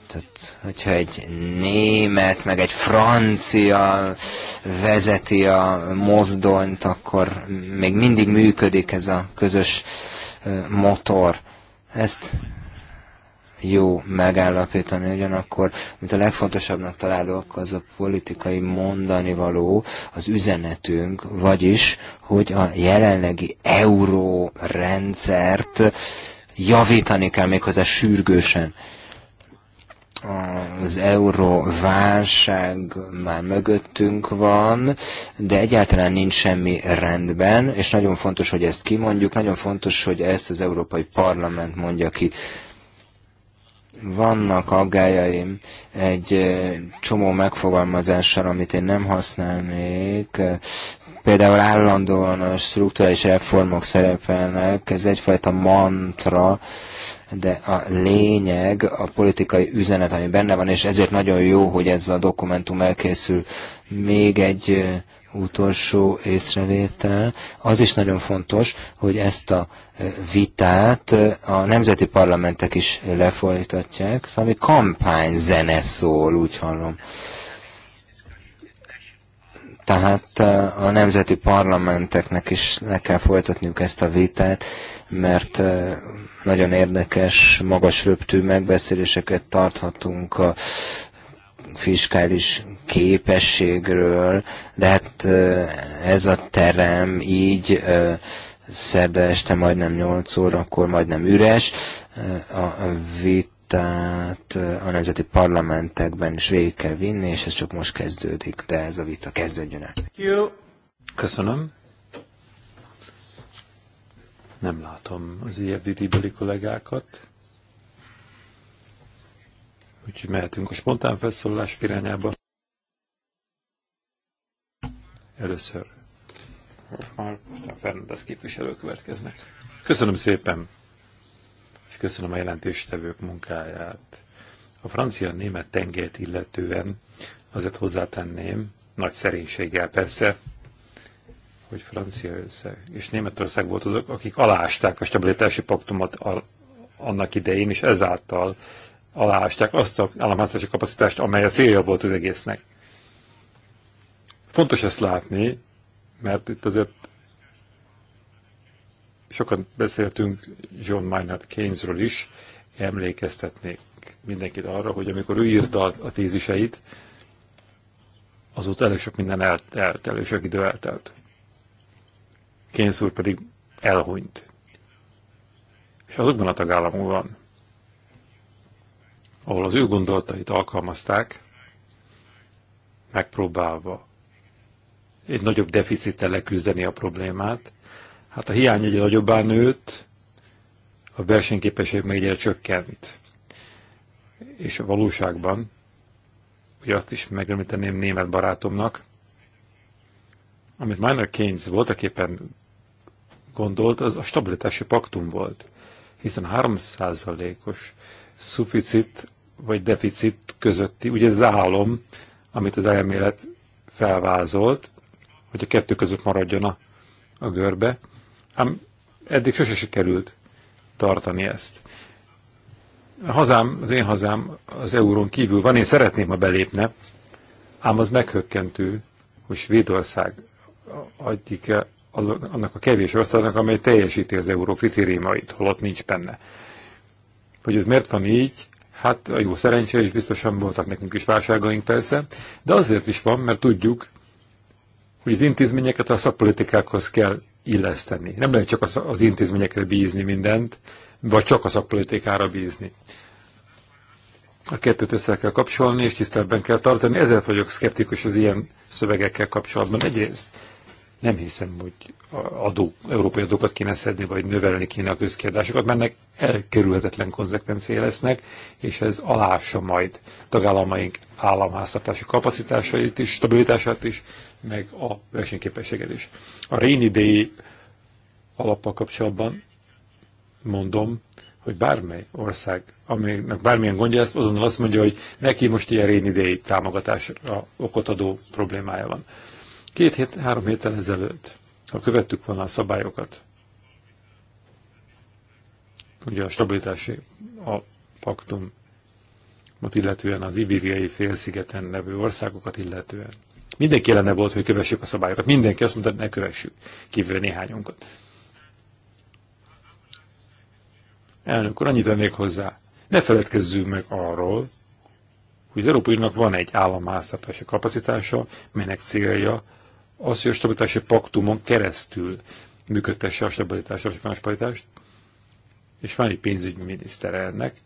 Tehát, hogyha egy német, meg egy francia vezeti a mozdonyt, akkor még mindig működik ez a közös motor. Ezt jó megállapítani, ugyanakkor, mint a legfontosabbnak találok, az a politikai mondani való, az üzenetünk, vagyis, hogy a jelenlegi euró rendszert javítani kell méghozzá sürgősen az euró válság már mögöttünk van, de egyáltalán nincs semmi rendben, és nagyon fontos, hogy ezt kimondjuk, nagyon fontos, hogy ezt az Európai Parlament mondja ki vannak aggájaim egy csomó megfogalmazással, amit én nem használnék, például állandóan a struktúrális reformok szerepelnek, ez egyfajta mantra, de a lényeg a politikai üzenet, ami benne van, és ezért nagyon jó, hogy ez a dokumentum elkészül. Még egy utolsó észrevétel, az is nagyon fontos, hogy ezt a e, vitát e, a nemzeti parlamentek is lefolytatják, ami kampányzene szól, úgy hallom. Tehát e, a nemzeti parlamenteknek is le kell folytatniuk ezt a vitát, mert nagyon érdekes, magas röptű megbeszéléseket tarthatunk a fiskális képességről, de hát ez a terem így szerda este majdnem 8 óra, akkor majdnem üres. A vitát a nemzeti parlamentekben is végig kell vinni, és ez csak most kezdődik, de ez a vita kezdődjön el. Köszönöm. Nem látom az IFDD-beli kollégákat úgyhogy mehetünk a spontán felszólás irányába. Először már aztán Fernandez képviselők következnek. Köszönöm szépen, és köszönöm a jelentéstevők munkáját. A francia-német tengelyt illetően azért hozzátenném, nagy szerénységgel persze, hogy francia és Németország volt azok, akik alásták a stabilitási paktumot annak idején, és ezáltal aláásták azt a államháztási kapacitást, amely a célja volt az egésznek. Fontos ezt látni, mert itt azért sokat beszéltünk John Maynard Keynesről is, emlékeztetnék mindenkit arra, hogy amikor ő írta a téziseit, azóta elég sok minden eltelt, elég sok idő eltelt. Keynes úr pedig elhunyt. És azokban a tagállamokban, ahol az ő gondolatait alkalmazták, megpróbálva egy nagyobb deficittel leküzdeni a problémát. Hát a hiány egyre nagyobbá nőtt, a versenyképesség meg egyre csökkent. És a valóságban, hogy azt is megemlíteném német barátomnak, amit Minor Keynes voltaképpen gondolt, az a stabilitási paktum volt, hiszen 3%-os szuficit vagy deficit közötti, ugye ez álom, amit az elmélet felvázolt, hogy a kettő között maradjon a, a görbe, ám eddig sose sikerült tartani ezt. A hazám, az én hazám az eurón kívül van, én szeretném, ha belépne, ám az meghökkentő, hogy Svédország adjuk az, annak a kevés országnak, amely teljesíti az euró kritériumait, holott nincs benne. Hogy ez miért van így, hát a jó szerencse, és biztosan voltak nekünk is válságaink persze, de azért is van, mert tudjuk, hogy az intézményeket a szakpolitikákhoz kell illeszteni. Nem lehet csak az intézményekre bízni mindent, vagy csak a szakpolitikára bízni. A kettőt össze kell kapcsolni, és tiszteletben kell tartani. Ezért vagyok szkeptikus az ilyen szövegekkel kapcsolatban. Egyrészt nem hiszem, hogy adó, európai adókat kéne szedni, vagy növelni kéne a közkiadásokat, mert ennek elkerülhetetlen konzekvenciája lesznek, és ez alássa majd tagállamaink államháztartási kapacitásait is, stabilitását is, meg a versenyképességet is. A Rainy Day alappal kapcsolatban mondom, hogy bármely ország, aminek bármilyen gondja lesz, azonnal azt mondja, hogy neki most ilyen Rainy Day támogatásra okot adó problémája van. Két hét, három héttel ezelőtt ha követtük volna a szabályokat, ugye a stabilitási a paktum illetően az ibériai félszigeten levő országokat illetően. Mindenki lenne volt, hogy kövessük a szabályokat. Mindenki azt mondta, hogy ne kövessük, kívül néhányunkat. Elnök úr, annyit tennék hozzá. Ne feledkezzünk meg arról, hogy az Európai Uniónak van egy államháztartási kapacitása, melynek célja az, hogy a stabilitási paktumon keresztül működtesse a stabilitási a finanszparitást, és van egy pénzügyminiszter ennek.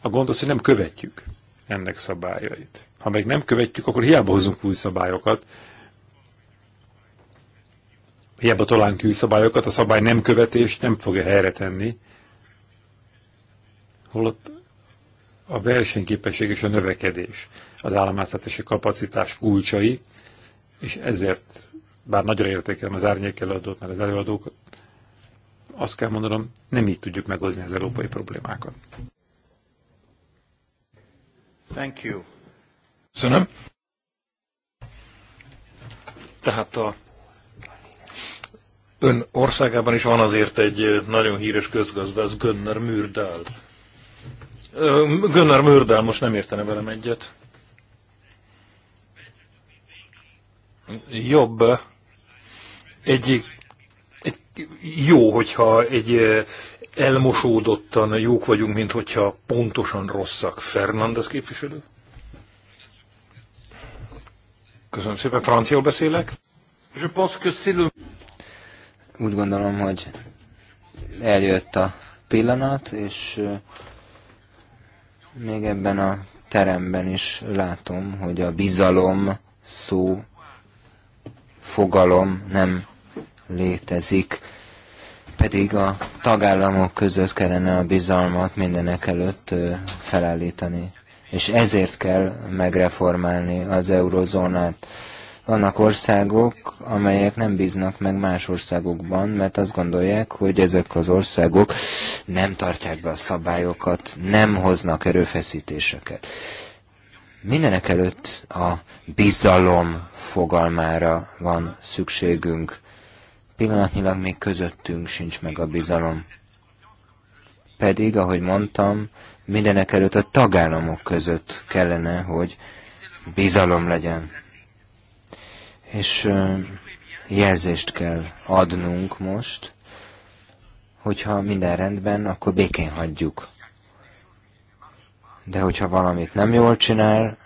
A gond az, hogy nem követjük ennek szabályait. Ha meg nem követjük, akkor hiába hozunk új szabályokat, hiába találunk új szabályokat, a szabály nem követés nem fogja helyre tenni, holott a versenyképesség és a növekedés az államáztatási kapacitás kulcsai, és ezért, bár nagyra értékelem az árnyék előadót, mert az előadók, azt kell mondanom, nem így tudjuk megoldani az európai problémákat. Thank you. Köszönöm. Tehát a ön országában is van azért egy nagyon híres közgazdász, Gönner Mürdál. Gönner Mürdál, most nem értene velem egyet. jobb egy, egy jó, hogyha egy elmosódottan jók vagyunk, mint hogyha pontosan rosszak. Fernandez képviselő? Köszönöm szépen. Franciául beszélek? Je pense que c'est le... Úgy gondolom, hogy eljött a pillanat, és még ebben a teremben is látom, hogy a bizalom szó fogalom nem létezik, pedig a tagállamok között kellene a bizalmat mindenek előtt felállítani. És ezért kell megreformálni az eurozónát. Vannak országok, amelyek nem bíznak meg más országokban, mert azt gondolják, hogy ezek az országok nem tartják be a szabályokat, nem hoznak erőfeszítéseket. Mindenek előtt a bizalom fogalmára van szükségünk. Pillanatnyilag még közöttünk sincs meg a bizalom. Pedig, ahogy mondtam, mindenek előtt a tagállamok között kellene, hogy bizalom legyen. És jelzést kell adnunk most, hogyha minden rendben, akkor békén hagyjuk de hogyha valamit nem jól csinál,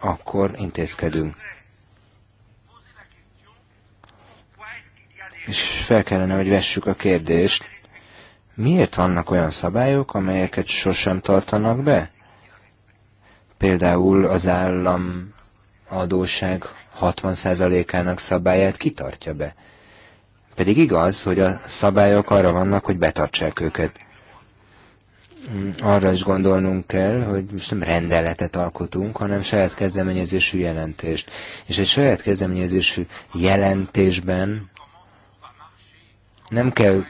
akkor intézkedünk. És fel kellene, hogy vessük a kérdést, miért vannak olyan szabályok, amelyeket sosem tartanak be? Például az állam adóság 60%-ának szabályát kitartja be. Pedig igaz, hogy a szabályok arra vannak, hogy betartsák őket arra is gondolnunk kell, hogy most nem rendeletet alkotunk, hanem saját kezdeményezésű jelentést. És egy saját kezdeményezésű jelentésben nem kell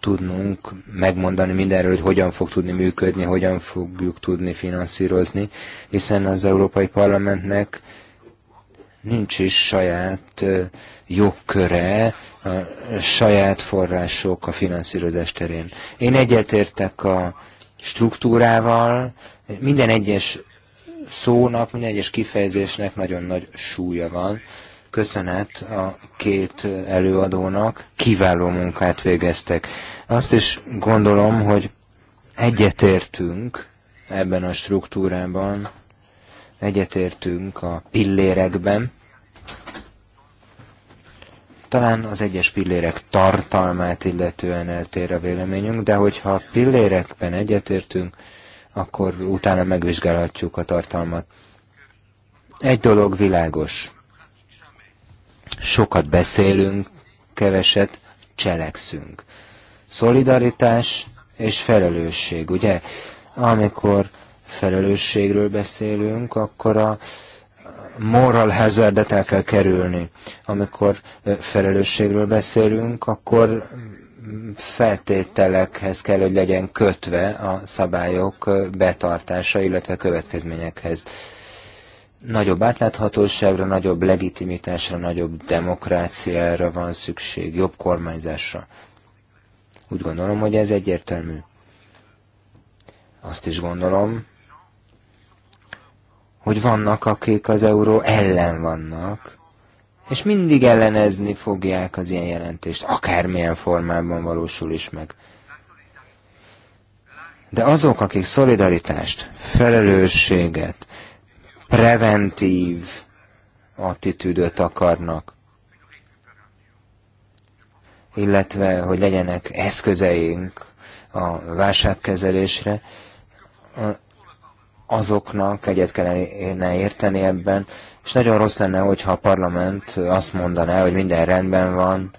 tudnunk megmondani mindenről, hogy hogyan fog tudni működni, hogyan fogjuk tudni finanszírozni, hiszen az Európai Parlamentnek nincs is saját jogköre, a saját források a finanszírozás terén. Én egyetértek a struktúrával, minden egyes szónak, minden egyes kifejezésnek nagyon nagy súlya van. Köszönet a két előadónak, kiváló munkát végeztek. Azt is gondolom, hogy egyetértünk ebben a struktúrában, egyetértünk a pillérekben, talán az egyes pillérek tartalmát illetően eltér a véleményünk, de hogyha pillérekben egyetértünk, akkor utána megvizsgálhatjuk a tartalmat. Egy dolog világos. Sokat beszélünk, keveset cselekszünk. Szolidaritás és felelősség, ugye? Amikor felelősségről beszélünk, akkor a moral hazardet el kell kerülni. Amikor felelősségről beszélünk, akkor mm, feltételekhez kell, hogy legyen kötve a szabályok betartása, illetve következményekhez. Nagyobb átláthatóságra, nagyobb legitimitásra, nagyobb demokráciára van szükség, jobb kormányzásra. Úgy gondolom, hogy ez egyértelmű. Azt is gondolom, hogy vannak, akik az euró ellen vannak, és mindig ellenezni fogják az ilyen jelentést, akármilyen formában valósul is meg. De azok, akik szolidaritást, felelősséget, preventív attitűdöt akarnak, illetve hogy legyenek eszközeink a válságkezelésre, azoknak egyet kellene érteni ebben, és nagyon rossz lenne, hogyha a parlament azt mondaná, hogy minden rendben van,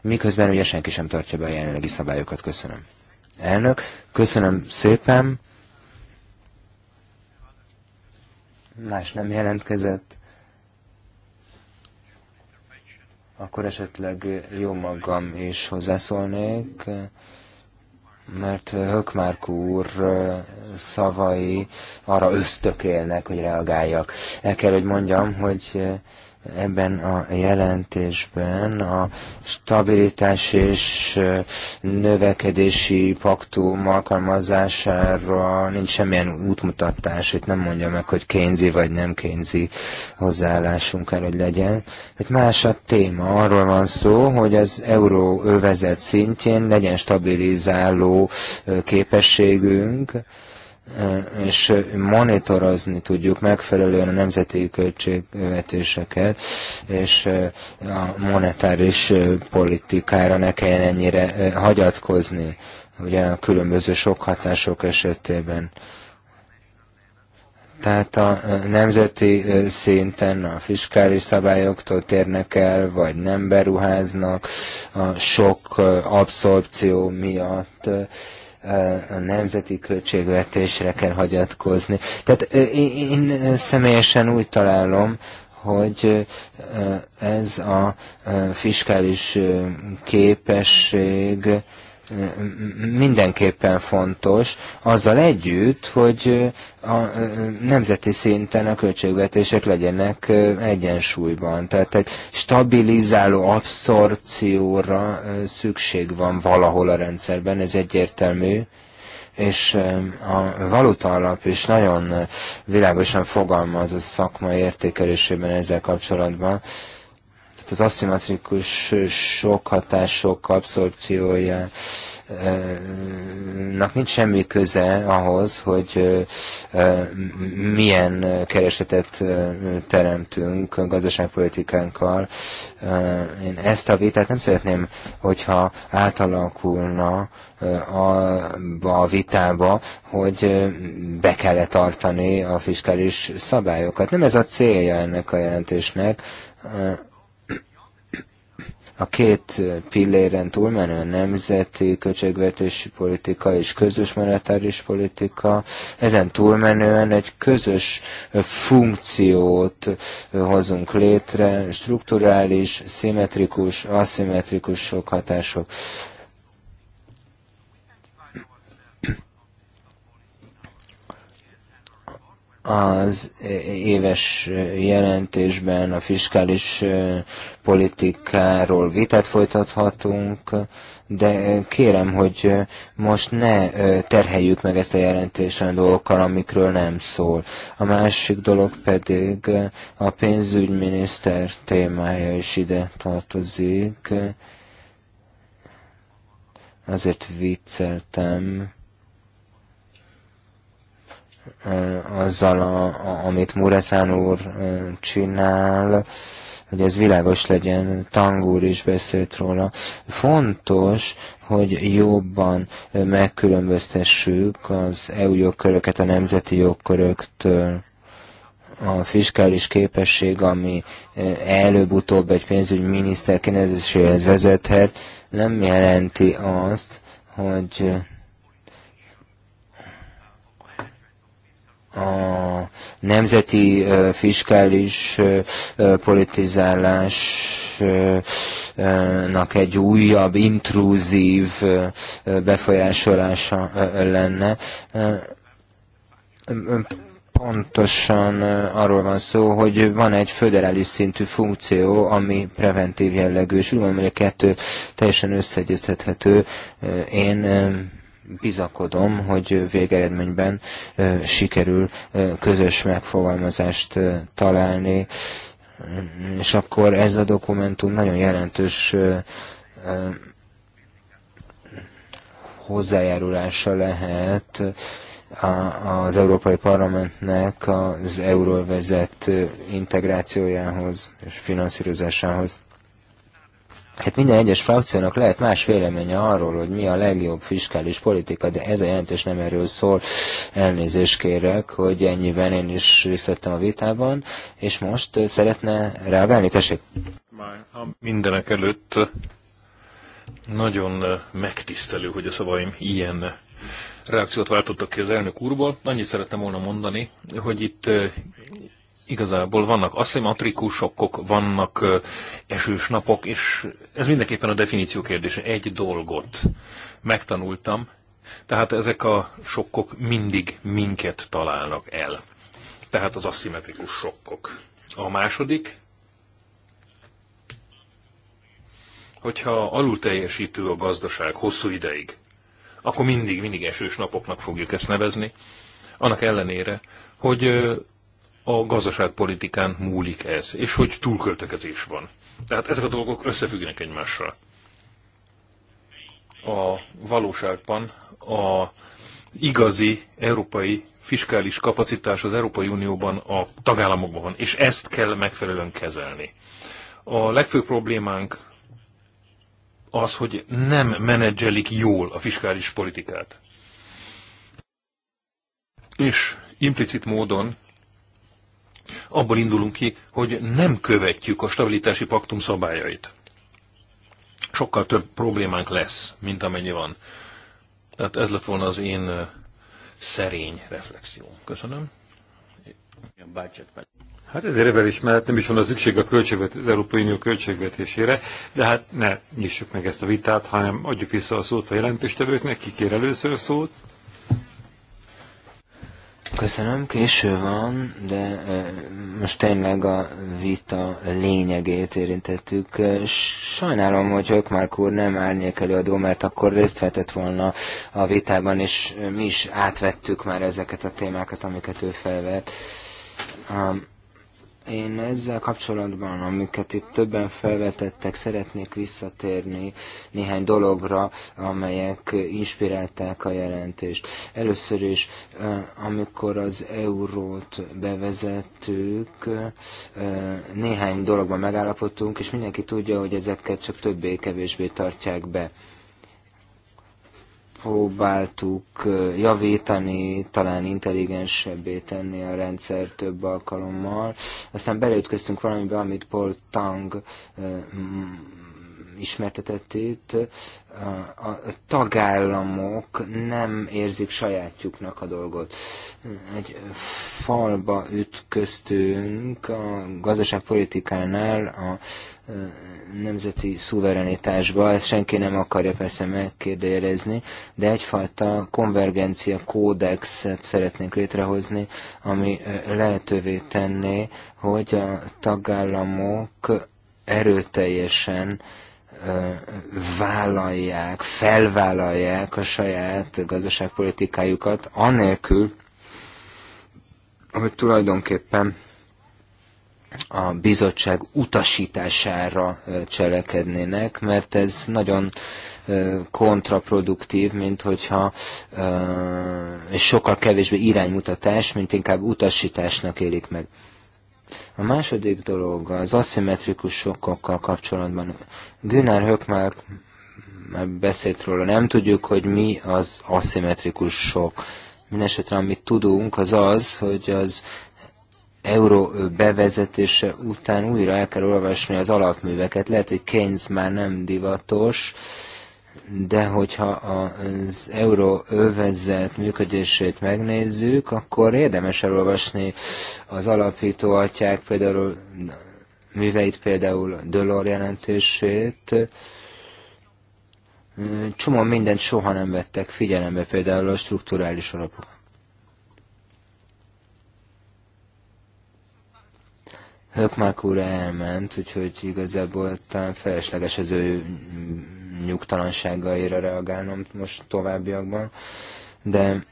miközben ugye senki sem tartja be a jelenlegi szabályokat. Köszönöm. Elnök, köszönöm szépen. Más nem jelentkezett. Akkor esetleg jó magam is hozzászólnék mert Hökmárk úr szavai arra ösztökélnek, hogy reagáljak. El kell, hogy mondjam, hogy ebben a jelentésben a stabilitás és növekedési paktum alkalmazására nincs semmilyen útmutatás, itt nem mondja meg, hogy kénzi vagy nem kénzi hozzáállásunk kell, hogy legyen. Egy más a téma, arról van szó, hogy az euróövezet szintjén legyen stabilizáló képességünk, és monitorozni tudjuk megfelelően a nemzeti költségvetéseket, és a monetáris politikára ne kelljen ennyire hagyatkozni, ugye a különböző sok hatások esetében. Tehát a nemzeti szinten a fiskális szabályoktól térnek el, vagy nem beruháznak a sok abszorpció miatt a nemzeti költségvetésre kell hagyatkozni. Tehát én személyesen úgy találom, hogy ez a fiskális képesség mindenképpen fontos, azzal együtt, hogy a nemzeti szinten a költségvetések legyenek egyensúlyban. Tehát egy stabilizáló abszorcióra szükség van valahol a rendszerben, ez egyértelmű és a valuta alap is nagyon világosan fogalmaz a szakmai értékelésében ezzel kapcsolatban, az aszimmetrikus sok hatások abszorpciója eh, nincs semmi köze ahhoz, hogy eh, milyen keresetet eh, teremtünk gazdaságpolitikánkkal. Én ezt a vitát nem szeretném, hogyha átalakulna a vitába, hogy be kell -e tartani a fiskális szabályokat. Nem ez a célja ennek a jelentésnek, a két pilléren túlmenő nemzeti költségvetési politika és közös monetáris politika, ezen túlmenően egy közös funkciót hozunk létre, strukturális, szimmetrikus, aszimmetrikus sok hatások az éves jelentésben a fiskális politikáról vitát folytathatunk, de kérem, hogy most ne terheljük meg ezt a jelentést olyan dolgokkal, amikről nem szól. A másik dolog pedig a pénzügyminiszter témája is ide tartozik. Azért vicceltem azzal, a, a, amit Muraszán úr csinál, hogy ez világos legyen, Tangúr is beszélt róla. Fontos, hogy jobban megkülönböztessük az EU jogköröket a nemzeti jogköröktől. A fiskális képesség, ami előbb-utóbb egy pénzügyminiszter kinezéséhez vezethet, nem jelenti azt, hogy a nemzeti fiskális politizálásnak egy újabb, intrúzív befolyásolása lenne. Pontosan arról van szó, hogy van egy föderális szintű funkció, ami preventív jellegű, és úgy gondolom, hogy a kettő teljesen összeegyeztethető. Én bizakodom, hogy végeredményben sikerül közös megfogalmazást találni, és akkor ez a dokumentum nagyon jelentős hozzájárulása lehet az Európai Parlamentnek az euróvezet integrációjához és finanszírozásához. Hát minden egyes frakciónak lehet más véleménye arról, hogy mi a legjobb fiskális politika, de ez a jelentés nem erről szól. Elnézést kérek, hogy ennyiben én is részt vettem a vitában, és most szeretne reagálni, tessék? Mindenek előtt nagyon megtisztelő, hogy a szavaim ilyen reakciót váltottak ki az elnök úrból. Annyit szerettem volna mondani, hogy itt eh, igazából vannak aszimmetrikus vannak eh, esős napok, és ez mindenképpen a definíció kérdése. Egy dolgot megtanultam, tehát ezek a sokkok mindig minket találnak el. Tehát az aszimmetrikus sokkok. A második, hogyha alul teljesítő a gazdaság hosszú ideig, akkor mindig, mindig esős napoknak fogjuk ezt nevezni, annak ellenére, hogy a gazdaságpolitikán múlik ez, és hogy túlköltekezés van. Tehát ezek a dolgok összefüggnek egymással. A valóságban a igazi európai fiskális kapacitás az Európai Unióban a tagállamokban van, és ezt kell megfelelően kezelni. A legfőbb problémánk az, hogy nem menedzselik jól a fiskális politikát. És implicit módon abból indulunk ki, hogy nem követjük a stabilitási paktum szabályait. Sokkal több problémánk lesz, mint amennyi van. Tehát ez lett volna az én szerény reflexióm. Köszönöm. Hát ezért ebben is mellett nem is van a szükség a költségvet, az Európai Unió költségvetésére, de hát ne nyissuk meg ezt a vitát, hanem adjuk vissza a szót a jelentéstevőknek, ki kér először szót. Köszönöm, késő van, de most tényleg a vita lényegét érintettük. Sajnálom, hogy ők már úr nem árnyék előadó, mert akkor részt vetett volna a vitában, és mi is átvettük már ezeket a témákat, amiket ő felvett. Én ezzel kapcsolatban, amiket itt többen felvetettek, szeretnék visszatérni néhány dologra, amelyek inspirálták a jelentést. Először is, amikor az eurót bevezettük, néhány dologban megállapodtunk, és mindenki tudja, hogy ezeket csak többé-kevésbé tartják be próbáltuk javítani, talán intelligensebbé tenni a rendszer több alkalommal. Aztán beleütköztünk valamibe, amit Paul Tang ismertetett itt, a tagállamok nem érzik sajátjuknak a dolgot. Egy falba ütköztünk a gazdaságpolitikánál a nemzeti szuverenitásba, ezt senki nem akarja persze megkérdőjelezni, de egyfajta konvergencia kódexet szeretnénk létrehozni, ami lehetővé tenné, hogy a tagállamok erőteljesen vállalják, felvállalják a saját gazdaságpolitikájukat, anélkül, hogy tulajdonképpen a bizottság utasítására cselekednének, mert ez nagyon kontraproduktív, mint hogyha és sokkal kevésbé iránymutatás, mint inkább utasításnak élik meg. A második dolog az aszimmetrikus sokkokkal kapcsolatban. Günár Hökmár már beszélt róla, nem tudjuk, hogy mi az aszimmetrikus sok. Mindenesetre, amit tudunk, az az, hogy az euró bevezetése után újra el kell olvasni az alapműveket. Lehet, hogy Keynes már nem divatos, de hogyha az övezet működését megnézzük, akkor érdemes elolvasni az alapító atyák például műveit, például Dölor jelentését. Csomó mindent soha nem vettek figyelembe, például a strukturális alapok Hökmák úr elment, úgyhogy igazából talán felesleges az ő nyugtalanságaira reagálnom most továbbiakban, de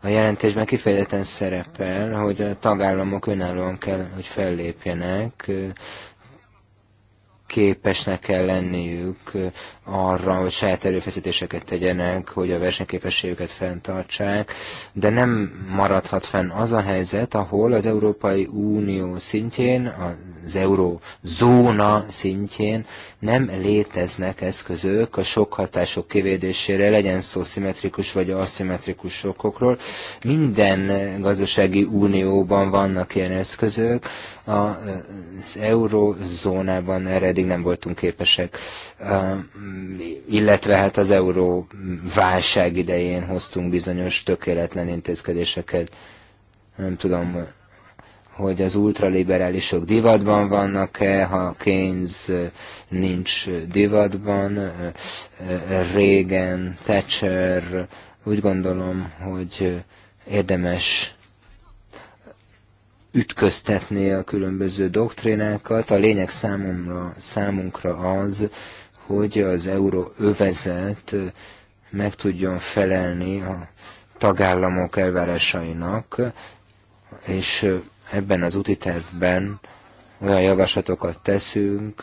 a jelentésben kifejezetten szerepel, hogy a tagállamok önállóan kell, hogy fellépjenek, képesnek kell lenniük arra, hogy saját erőfeszítéseket tegyenek, hogy a versenyképességüket fenntartsák, de nem maradhat fenn az a helyzet, ahol az Európai Unió szintjén, az eurozóna szintjén nem léteznek eszközök a sok hatások kivédésére, legyen szó szimmetrikus vagy aszimmetrikus sokokról. Minden gazdasági unióban vannak ilyen eszközök, az eurozónában erre eddig nem voltunk képesek illetve hát az euró válság idején hoztunk bizonyos tökéletlen intézkedéseket. Nem tudom, hogy az ultraliberálisok divatban vannak-e, ha Keynes nincs divatban, régen, Thatcher, úgy gondolom, hogy érdemes ütköztetni a különböző doktrinákat. A lényeg számomra, számunkra az, hogy az euróövezet meg tudjon felelni a tagállamok elvárásainak, és ebben az úti tervben olyan javaslatokat teszünk,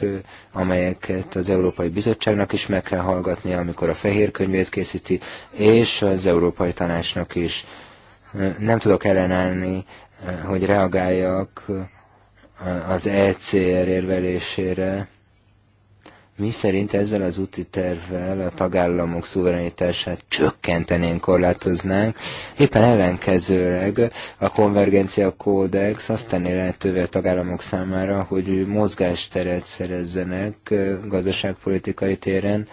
amelyeket az Európai Bizottságnak is meg kell hallgatnia, amikor a fehér könyvét készíti, és az Európai Tanácsnak is. Nem tudok ellenállni, hogy reagáljak az ECR érvelésére, mi szerint ezzel az úti tervvel a tagállamok szuverenitását csökkentenénk, korlátoznánk. Éppen ellenkezőleg a konvergencia kódex azt tenné lehetővé a tagállamok számára, hogy mozgásteret szerezzenek gazdaságpolitikai téren,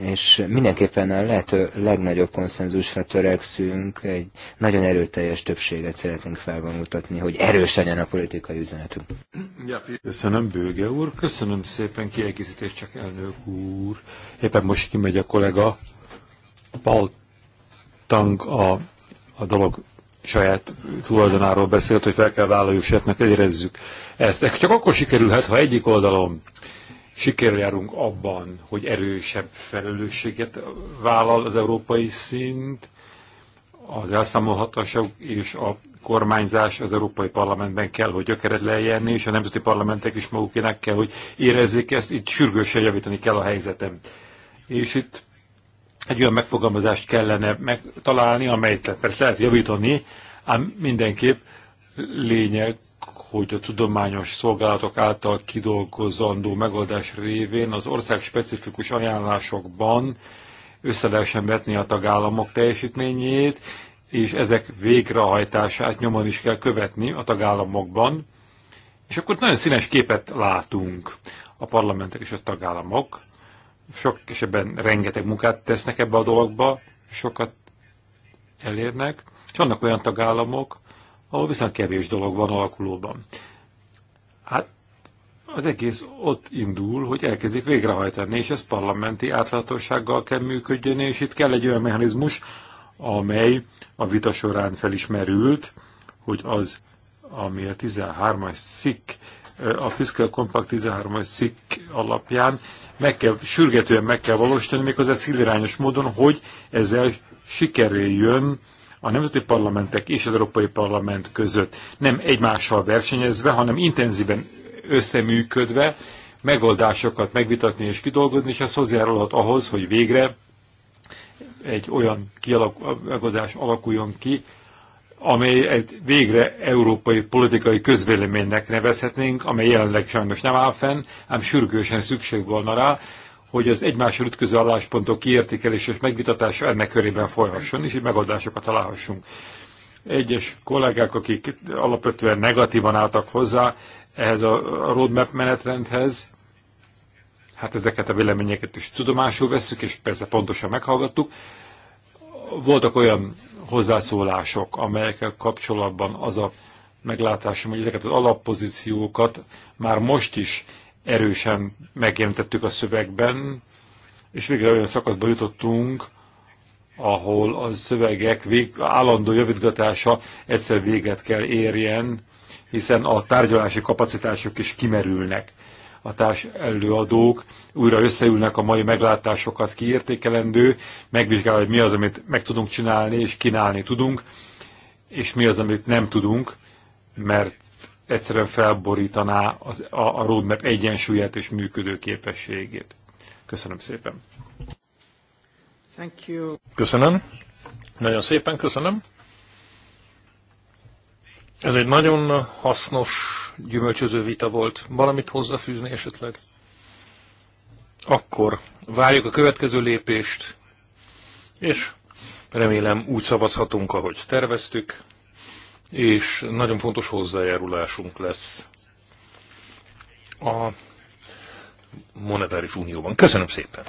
és mindenképpen a lehető legnagyobb konszenzusra törekszünk, egy nagyon erőteljes többséget szeretnénk felvonultatni, hogy erős legyen a politikai üzenetünk. Köszönöm, Bőge úr, köszönöm szépen, kiegészítés csak elnök úr. Éppen most kimegy a kollega Paul Tang a, a dolog saját tulajdonáról beszélt, hogy fel kell vállaljuk, sőt, érezzük ezt. Csak akkor sikerülhet, ha egyik oldalon sikerül járunk abban, hogy erősebb felelősséget vállal az európai szint, az elszámolhatások és a kormányzás az Európai Parlamentben kell, hogy gyökeret lejjenni, és a nemzeti parlamentek is magukének kell, hogy érezzék ezt, itt sürgősen javítani kell a helyzetem. És itt egy olyan megfogalmazást kellene megtalálni, amelyet persze lehet javítani, ám mindenképp lényeg, hogy a tudományos szolgálatok által kidolgozandó megoldás révén az ország specifikus ajánlásokban össze lehessen vetni a tagállamok teljesítményét, és ezek végrehajtását nyomon is kell követni a tagállamokban, és akkor nagyon színes képet látunk a parlamentek és a tagállamok. Sok esetben rengeteg munkát tesznek ebbe a dologba, sokat elérnek, és vannak olyan tagállamok, ahol viszont kevés dolog van alakulóban. Hát az egész ott indul, hogy elkezdik végrehajtani, és ez parlamenti átláthatósággal kell működjön, és itt kell egy olyan mechanizmus, amely a vita során felismerült, hogy az, ami a 13-as szik, a Fiscal Compact 13-as szik alapján meg kell, sürgetően meg kell valósítani, méghozzá szilirányos módon, hogy ezzel sikerüljön a nemzeti parlamentek és az Európai Parlament között nem egymással versenyezve, hanem intenzíven összeműködve megoldásokat megvitatni és kidolgozni, és ez hozzájárulhat ahhoz, hogy végre egy olyan megoldás alakuljon ki, amely egy végre európai politikai közvéleménynek nevezhetnénk, amely jelenleg sajnos nem áll fenn, ám sürgősen szükség volna rá, hogy az egymásra ütköző álláspontok kiértékelése és megvitatása ennek körében folyhasson, és így megoldásokat találhassunk. Egyes kollégák, akik alapvetően negatívan álltak hozzá ehhez a roadmap menetrendhez, hát ezeket a véleményeket is tudomásul veszük és persze pontosan meghallgattuk. Voltak olyan hozzászólások, amelyekkel kapcsolatban az a meglátásom, hogy ezeket az alappozíciókat már most is erősen megjelentettük a szövegben, és végre olyan szakaszba jutottunk, ahol a szövegek vég, állandó javítgatása egyszer véget kell érjen, hiszen a tárgyalási kapacitások is kimerülnek. A társ előadók újra összeülnek a mai meglátásokat kiértékelendő, megvizsgálva, hogy mi az, amit meg tudunk csinálni és kínálni tudunk, és mi az, amit nem tudunk, mert egyszerűen felborítaná az, a, a roadmap egyensúlyát és működő képességét. Köszönöm szépen. Thank you. Köszönöm. Nagyon szépen köszönöm. Ez egy nagyon hasznos, gyümölcsöző vita volt. Valamit hozzáfűzni esetleg? Akkor várjuk a következő lépést, és remélem úgy szavazhatunk, ahogy terveztük és nagyon fontos hozzájárulásunk lesz a monetáris unióban. Köszönöm szépen!